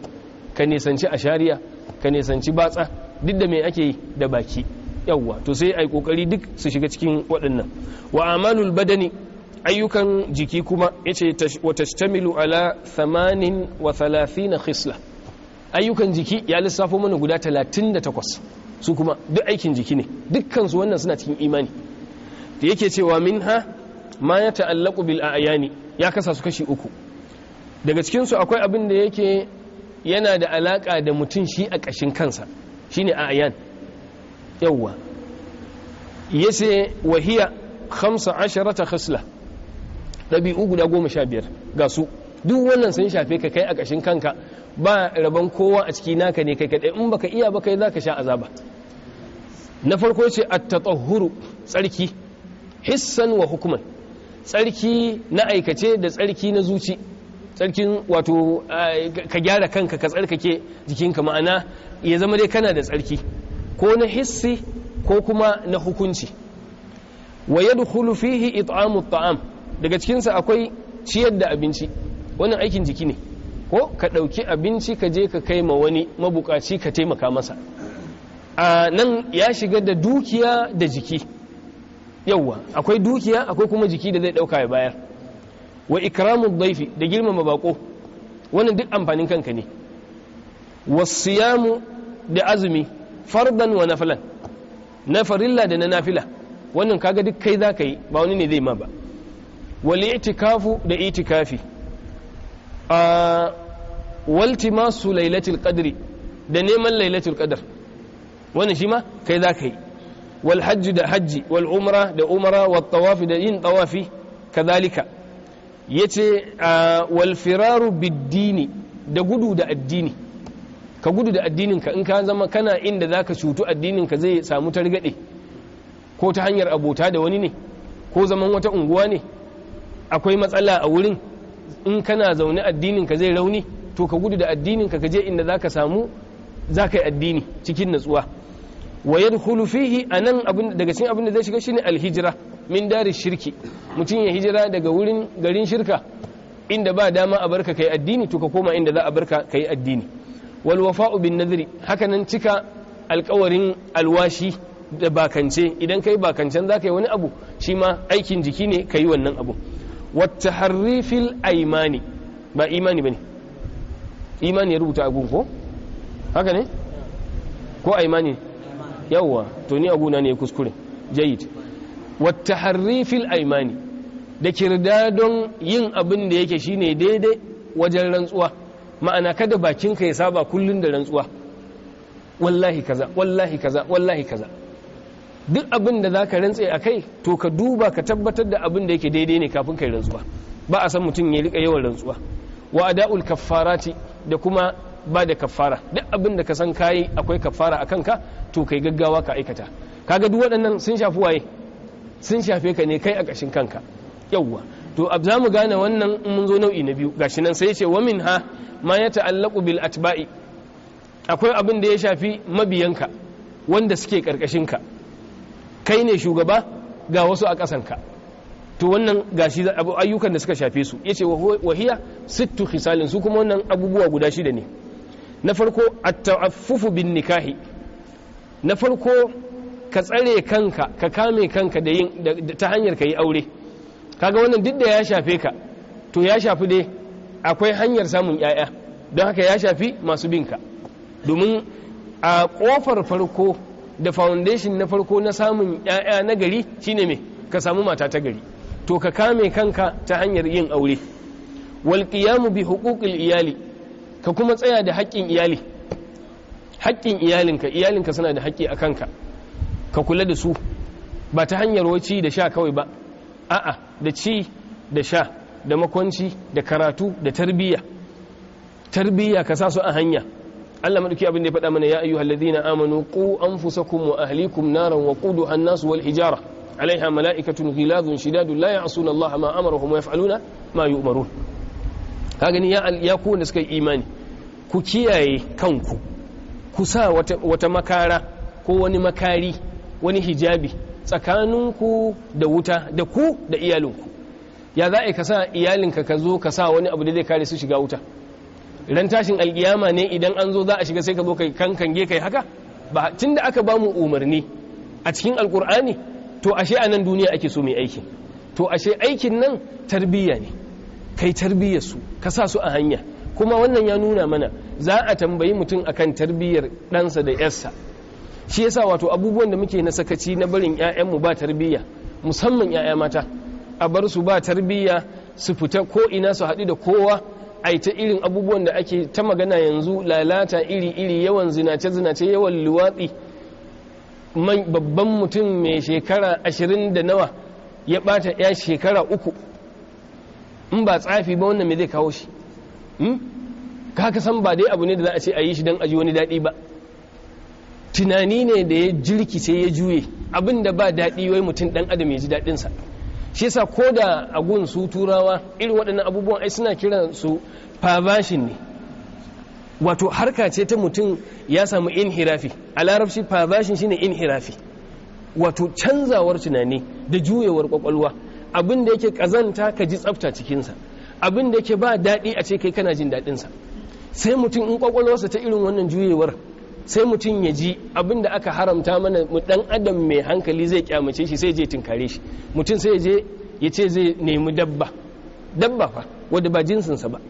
ka nisanci ashariya ka nisanci batsa duk da me ake da baki yawwa to sai ai kokari duk su shiga cikin waɗannan wa amalul badani ayyukan jiki kuma ya ce yace watashtamilu ala na khisla ayyukan jiki ya lissafo mana guda 38 su kuma duk aikin jiki ne dukkan su wannan suna cikin imani da yake cewa minha ma ya ta'allaku bil ayani ya kasa su kashi uku daga cikinsu akwai abin da yake yana da alaka da mutum shi a kashin kansa shine ayan yawwa yace wahiya 15 khisla ɗabi'u guda goma sha biyar ga su duk wannan sun shafe ka kai a ƙashin kanka ba rabon kowa a ciki naka ne kai kaɗai in baka iya ba kai za ka sha azaba na farko ce a tatsahuru tsarki hissan wa hukuman tsarki na aikace da tsarki na zuci tsarkin wato eh, ka gyara kanka ka tsarkake jikinka ma'ana ya zama dai kana da tsarki ko na hissi ko kuma na hukunci wa yadkhulu fihi it'amu ta'am. daga cikinsa akwai ciyar da abinci wannan aikin jiki ne ko ka ɗauki abinci ka je ka kai ma wani mabukaci ka taimaka masa a nan ya shiga da dukiya da jiki yauwa akwai dukiya akwai kuma jiki da zai ɗauka ya bayar wa ikramun daifi da girmama bako wannan duk amfanin kanka ne wasiyamu da azumi fardan wa nafilan na farilla da na nafila wannan kaga duk kai za ka yi ba wani ne zai ma ba walitikafu da itikafi a waltimasu lailatul qadri da neman lailatul qadr wannan shi ma kai za ka yi wal da hajji wal umra da umra wal tawafi da yin tawafi kadhalika yace wal firaru biddini da gudu da addini ka gudu da addininka in ka zama kana inda zaka cutu addininka zai samu targade ko ta hanyar abota da wani ne ko zaman wata unguwa ne akwai matsala a wurin in kana zaune addinin ka zai rauni to ka gudu da addinin ka je inda zaka samu zaka yi addini cikin natsuwa Wayar yadkhulu fihi anan abin daga cikin abin da zai shiga shine Alhijira. min dari shirki mutum ya hijira daga wurin garin shirka inda ba dama a barka kai addini to ka koma inda za a barka kai addini wal wafa'u bin nadri hakanan cika alkawarin alwashi da bakance idan kai bakancen za ka yi wani abu shi ma aikin jiki ne ka yi wannan abu wata aimani ba imani ba ne imani ya rubuta agun ko haka ne ko aimani yawwa to ni aguna ne ya kuskure jayid wata aimani da kirda don yin abin da yake shine daidai wajen rantsuwa ma'ana kada bakinka ya saba kullun da rantsuwa wallahi kaza wallahi kaza wallahi kaza duk abin da za ka rantse a kai to ka duba ka tabbatar da abin da yake daidai ne kafin kai rantsuwa ba a san mutum ya rika yawan rantsuwa wa ada'ul kaffarati da kuma ba da kaffara duk abin da ka san kayi akwai kaffara a kanka to kai gaggawa ka aikata kaga duk waɗannan sun shafi waye sun shafe ka ne kai a ƙashin kanka yawwa to ab za mu gane wannan in mun zo nau'i na biyu gashi nan sai ce wa min ha ma ya ta'allaqu bil atba'i akwai abin da ya shafi mabiyanka wanda suke karkashin ka kai ne shugaba ga wasu a ƙasanka to wannan gashi ayyukan da suka shafe su ya ce wahiya sittu khisalin su kuma wannan abubuwa guda shida ne na farko at-ta'affufu bin nikahi na farko ka tsare kanka ka kame kanka da yin ta hanyar ka yi aure kaga wannan duk da ya shafe ka to ya shafi dai akwai hanyar samun yaya don haka ya shafi masu binka domin a ƙofar farko da foundation na farko na samun 'ya'ya na gari shine mai. ka samu mata ta gari to ka kame kanka ta hanyar yin aure wal qiyamu bi huquqil iyali ka kuma tsaya da haƙƙin iyali haƙƙin iyalinka iyalinka suna da haƙƙi a kanka ka kula da su ba ta hanyar waci da sha kawai ba a'a da ci da sha da makwanci da karatu da tarbiyya tarbiyya ka sa su a hanya Allah madauki abin da ya faɗa mana ya ayyuhal ladina amanu qu anfusakum wa ahlikum naran wa quduha an-nas wal hijara alaiha mala'ikatun ghilazun shidadun la ya'suna Allah ma amarahum wa yaf'aluna ma yu'marun ka gani ya ya ku wanda suka yi imani ku kiyaye kanku ku sa wata, wata makara ko wani makari wani hijabi tsakaninku da wuta da ku da iyalinku ya za a ka sa iyalinka ka zo ka sa wani abu da zai kare su shiga wuta ran tashin alkiyama ne idan an zo za a shiga sai ka zo kai kankange kai haka ba tunda aka ba mu umarni a cikin alkur'ani to ashe a nan duniya ake so mai aiki to ashe aikin nan tarbiyya ne kai tarbiyyar su ka sa su a hanya kuma wannan ya nuna mana za a tambayi mutum akan tarbiyyar ɗansa da yarsa shi yasa wato abubuwan da muke na sakaci na barin 'ya'yanmu ba tarbiyya musamman 'ya'ya mata a bar su ba tarbiyya su fita ko ina su haɗu da kowa Aita irin abubuwan da ake ta magana yanzu lalata iri-iri yawan zinace-zinace yawan luwatsi babban mutum mai shekara ashirin da nawa ya bata ya shekara uku in ba tsafi ba wannan mai zai kawo shi hmm? ka san ba dai abu ne da za a ce a yi shi don aji wani daɗi ba tunani ne da ya jirki sai ya juye abin da ba daɗi wai mutum ɗan adam ya ji daɗinsa shi yasa ko da a gun su turawa irin waɗannan abubuwan ai suna kiran su pavashin ne wato harka ce ta mutum ya samu inhirafi a larabci shine inhirafi wato canzawar tunani da juyewar kwakwalwa abin da yake kazanta ka ji tsafta cikinsa abin da yake ba daɗi a ce kai kana jin daɗinsa sai mutum in kwakwalwarsa ta irin wannan juyewar sai mutum ya ji abin da aka haramta mana dan adam mai hankali zai kyamace shi sai je tunkare shi mutum sai je ya ce zai nemi dabba dabba fa wadda ba jinsinsa ba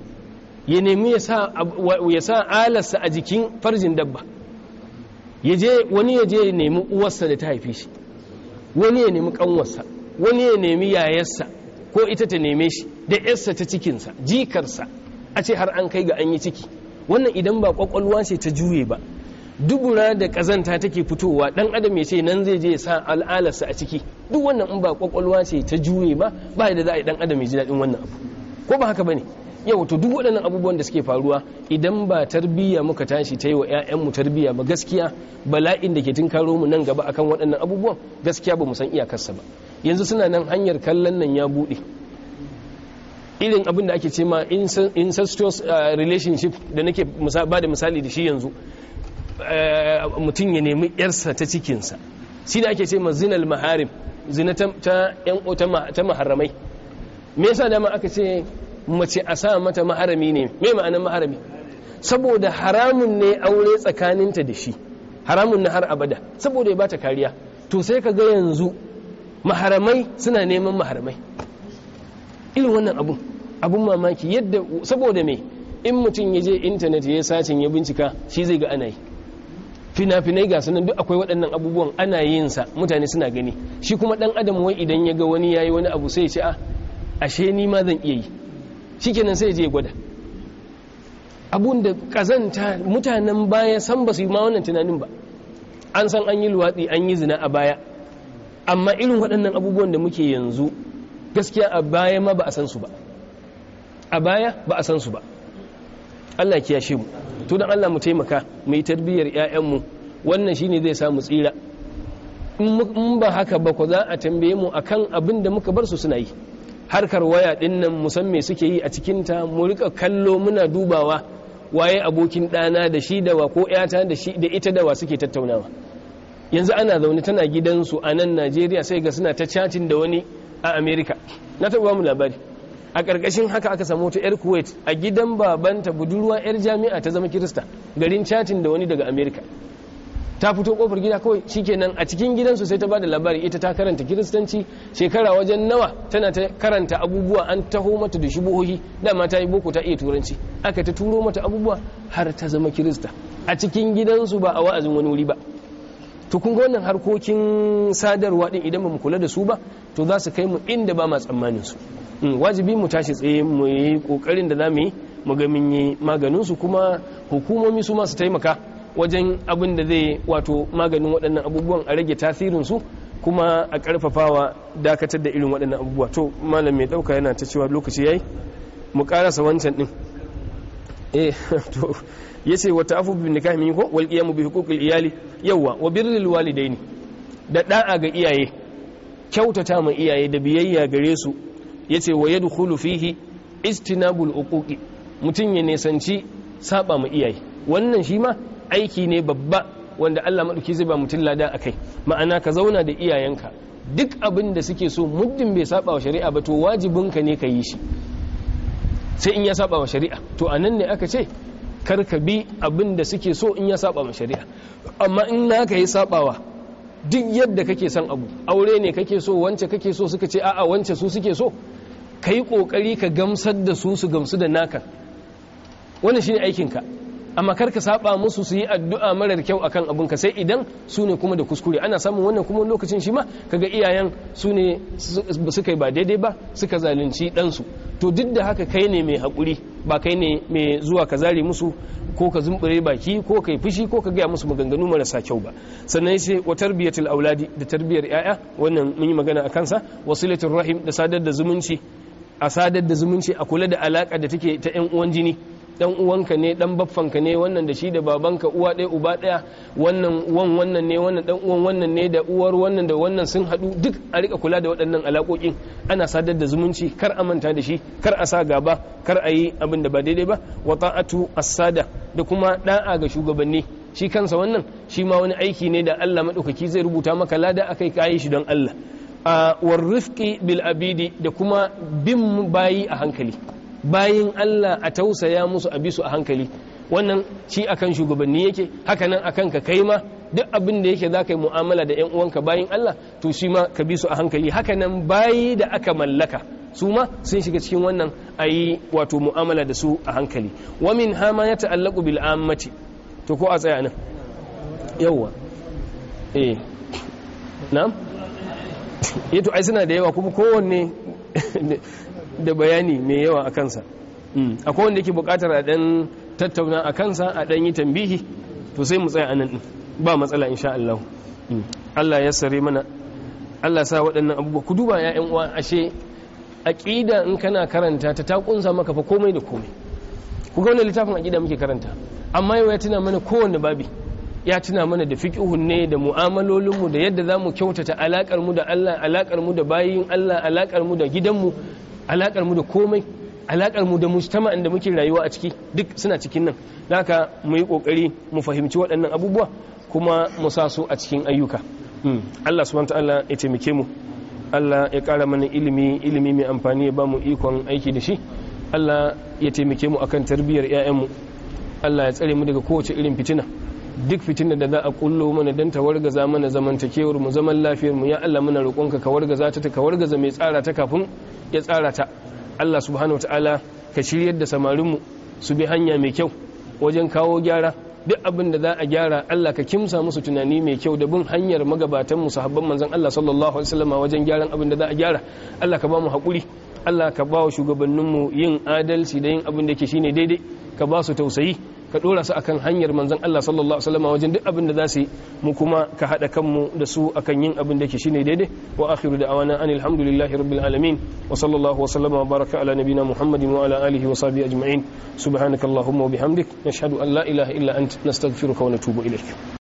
ya nemi ya sa alarsa a jikin farjin dabba wani ya je ya nemi uwarsa da ta haife shi wani ya nemi kanwarsa wani ya nemi yayarsa ko ita ta neme shi da yarsa ta cikinsa jikarsa a ce har an kai ga an yi ciki wannan idan ba kwakwalwa ce ta juye ba dubura da kazanta take fitowa dan adam ya ce nan zai je sa al'alarsa a ciki duk wannan in ba kwakwalwa ce ta juye ba ba da za a yi dan adam ya ji daɗin wannan abu ko ba haka bane yau to duk waɗannan abubuwan da suke faruwa idan ba tarbiyya muka tashi ta yi wa mu tarbiyya ba gaskiya bala'in da ke tunkaro mu nan gaba akan waɗannan abubuwan gaskiya ba mu san iyakarsa ba yanzu suna nan hanyar kallon nan ya buɗe irin abin da ake ce ma incestuous uh, relationship da nake ba da misali da shi yanzu mutum ya nemi yarsa ta cikinsa shi da ake ce ma zinal maharim zina ta yan ta maharamai me yasa dama aka ce mace a sa mata maharami ne me ma'anar maharami saboda haramun ne aure tsakaninta da shi haramun na har abada saboda ya bata kariya to sai ka ga yanzu maharamai suna neman maharamai irin wannan abun abun mamaki yadda saboda me in mutum ya je intanet ya sacin ya bincika shi zai ga ana yi fina-finai ga sunan duk akwai waɗannan abubuwan ana yin sa mutane suna gani shi kuma ɗan adam wai idan ya ga wani yayi wani abu sai ya ce a ah, ashe ni ma zan iya yi shi kenan sai ya je gwada abun da kazanta mutanen baya san ba su yi ma wannan tunanin ba an san an yi luwatsi an yi zina a baya amma irin waɗannan abubuwan da muke yanzu gaskiya a baya ma ba a san su ba a baya ba a san su ba Allah ya kiyashe mu to dan Allah mu taimaka mu yi tarbiyyar ƴaƴanmu wannan shine zai samu tsira in ba haka ba ku za a tambaye mu akan abin da muka bar su suna yi harkar waya din nan musamman suke yi a cikin ta mu rika kallo muna dubawa waye abokin ɗana da shi da wa ko ƴata da shi da ita da suke tattaunawa yanzu ana zaune tana gidansu a nan Najeriya sai ga suna ta cacin da wani a America na taɓa mu labari a ƙarƙashin haka aka samu ta yar kuwait a gidan babanta budurwa yar jami'a ta zama kirista garin chatin da wani daga amerika ta fito kofar gida kawai shi shikenan a cikin gidansu sai ta ba da labari ita ta karanta kiristanci shekara wajen nawa tana ta karanta abubuwa an taho mata da shubuhohi dama ta yi boko ta iya turanci aka ta turo mata abubuwa har ta zama kirista a cikin gidansu ba a wa'azin wani wuri ba to kun ga wannan harkokin sadarwa din idan ba mu kula da su ba to za su kai mu inda ba ma tsammanin su Mm, wajibi mu tashi tsaye mu yi kokarin da zamu yi mu ga mun yi maganin su kuma hukumomi su masu taimaka wajen abin da zai wato maganin waɗannan abubuwan a rage tasirin su kuma a karfafawa dakatar da irin waɗannan abubuwa to malam mai ɗauka yana ta cewa lokaci yayi mu karasa wancan din eh to yace wa ta'afu bi nikah min ko wal qiyamu bi huquqil iyali yawa wa birril walidaini da da'a ga iyaye kyautata ma iyaye da biyayya gare su ya ce wa yadkhulu fihi istinabul ukuki mutum ya nisanci saba mu iyaye wannan shi ma aiki ne babba wanda Allah maɗuki zai ba mutum lada kai ma'ana ka zauna da iyayenka duk abin da suke so muddin bai saba wa shari'a ba to wajibinka ne ka yi shi sai in ya saba wa shari'a to a nan ne aka ce kar ka bi abin da suke so in ya saba wa shari'a amma in naka yi sabawa duk yadda kake son abu aure ne kake so wance kake so suka ce a'a wance su suke so ka yi ƙoƙari ka gamsar da su su gamsu da naka wannan shi ne aikinka amma kar ka saba musu su yi addu'a marar kyau akan abin ka sai idan su ne kuma da kuskure ana samun wannan kuma lokacin shi ma kaga iyayen su ne suka yi ba daidai ba suka zalunci ɗansu to duk da haka kai ne mai haƙuri ba kai ne mai zuwa ka zare musu ko ka zumbure baki ko ka yi fushi ko ka gaya musu maganganu marasa kyau ba sannan sai wa tarbiyatul auladi da tarbiyyar yaya wannan mun yi magana a kansa wasilatul rahim da sadar da zumunci a sadar da zumunci a kula da alaka da take ta yan uwan jini dan uwanka ne dan baffanka ne wannan da shi da babanka uwa ɗaya uba ɗaya wannan uwan wannan ne wannan dan uwan wannan ne da uwar wannan da wannan sun haɗu duk a rika kula da waɗannan alaƙoƙin ana sadar da zumunci kar a manta da shi kar a sa gaba kar a yi abin da ba daidai ba wa ta'atu as-sada da kuma da'a ga shugabanni shi kansa wannan shi ma wani aiki ne da Allah madaukaki zai rubuta maka lada akai kayi shi don Allah a warrifki bil abidi da kuma bin bayi a hankali bayin Allah a tausaya musu a bisu a hankali wannan shi akan shugabanni yake hakanan akan ka kai ma duk abin da yake zaka yi mu'amala da 'yan uwanka bayin Allah to shi ma ka bisu a hankali hakanan bayi da aka mallaka su ma sun shiga cikin wannan a yi wato mu'amala da su a hankali wa min hama ya ta'allaku bil ammati to ko a tsaya nan yawwa eh na'am yato eh ai suna da yawa kuma kowanne da bayani mai yawa a kansa hmm. a kowanne yake bukatar a dan tattauna a kansa a dan yi tambihi to sai mu tsaya nan din ba matsala insha Allah hmm. Allah ya sare mana Allah sa waɗannan abubuwa ku duba ya uwa ashe aqida in kana karanta ta ta kunsa maka fa komai da komai ku ga wannan littafin aqida muke karanta amma yau ya tuna mana kowanne babi ya tuna mana da fiqhun ne da mu'amalolinmu da yadda za mu kyautata alakar mu da Allah alakar mu da bayin Allah mu da gidan mu mu da komai alakar mu da mujtama'in da muke rayuwa a ciki duk suna cikin nan haka mu yi kokari mu fahimci waɗannan abubuwa kuma mu sa su a cikin ayyuka hmm. Allah subhanahu ta'ala ya taimake mu Allah ya ƙara mana ilimi ilimi mai amfani ya ba mu ikon aiki da shi Allah ya taimake mu akan tarbiyyar 'ya'yanmu Allah ya tsare mu daga kowace irin fitina duk fitinar da za a kullo mana don ta wargaza mana zamantakewar mu zaman lafiyar mu ya Allah muna roƙonka ka wargaza ta ka wargaza mai tsara ta kafin ya tsara ta Allah subhanahu ta'ala ka shiryar da samarin mu su bi hanya mai kyau wajen kawo gyara duk abin da za a gyara Allah ka kimsa musu tunani mai kyau da bin hanyar magabatan mu sahabban manzon Allah sallallahu alaihi wasallam wajen gyaran abin da za a gyara Allah ka ba mu hakuri Allah ka ba wa shugabanninmu yin adalci da yin abin da ke shine daidai ka ba su tausayi ka dora su akan hanyar manzon Allah sallallahu alaihi wasallam wajen duk abin da za su yi mu kuma ka hada kanmu da su akan yin abin da yake shine daidai wa akhiru da'wana anil hamdulillahi rabbil alamin wa sallallahu wa sallama wa baraka ala nabina muhammadin wa ala alihi wa sahbihi ajma'in subhanakallahumma wa bihamdik nashhadu an la ilaha illa ant nastaghfiruka wa natubu ilayk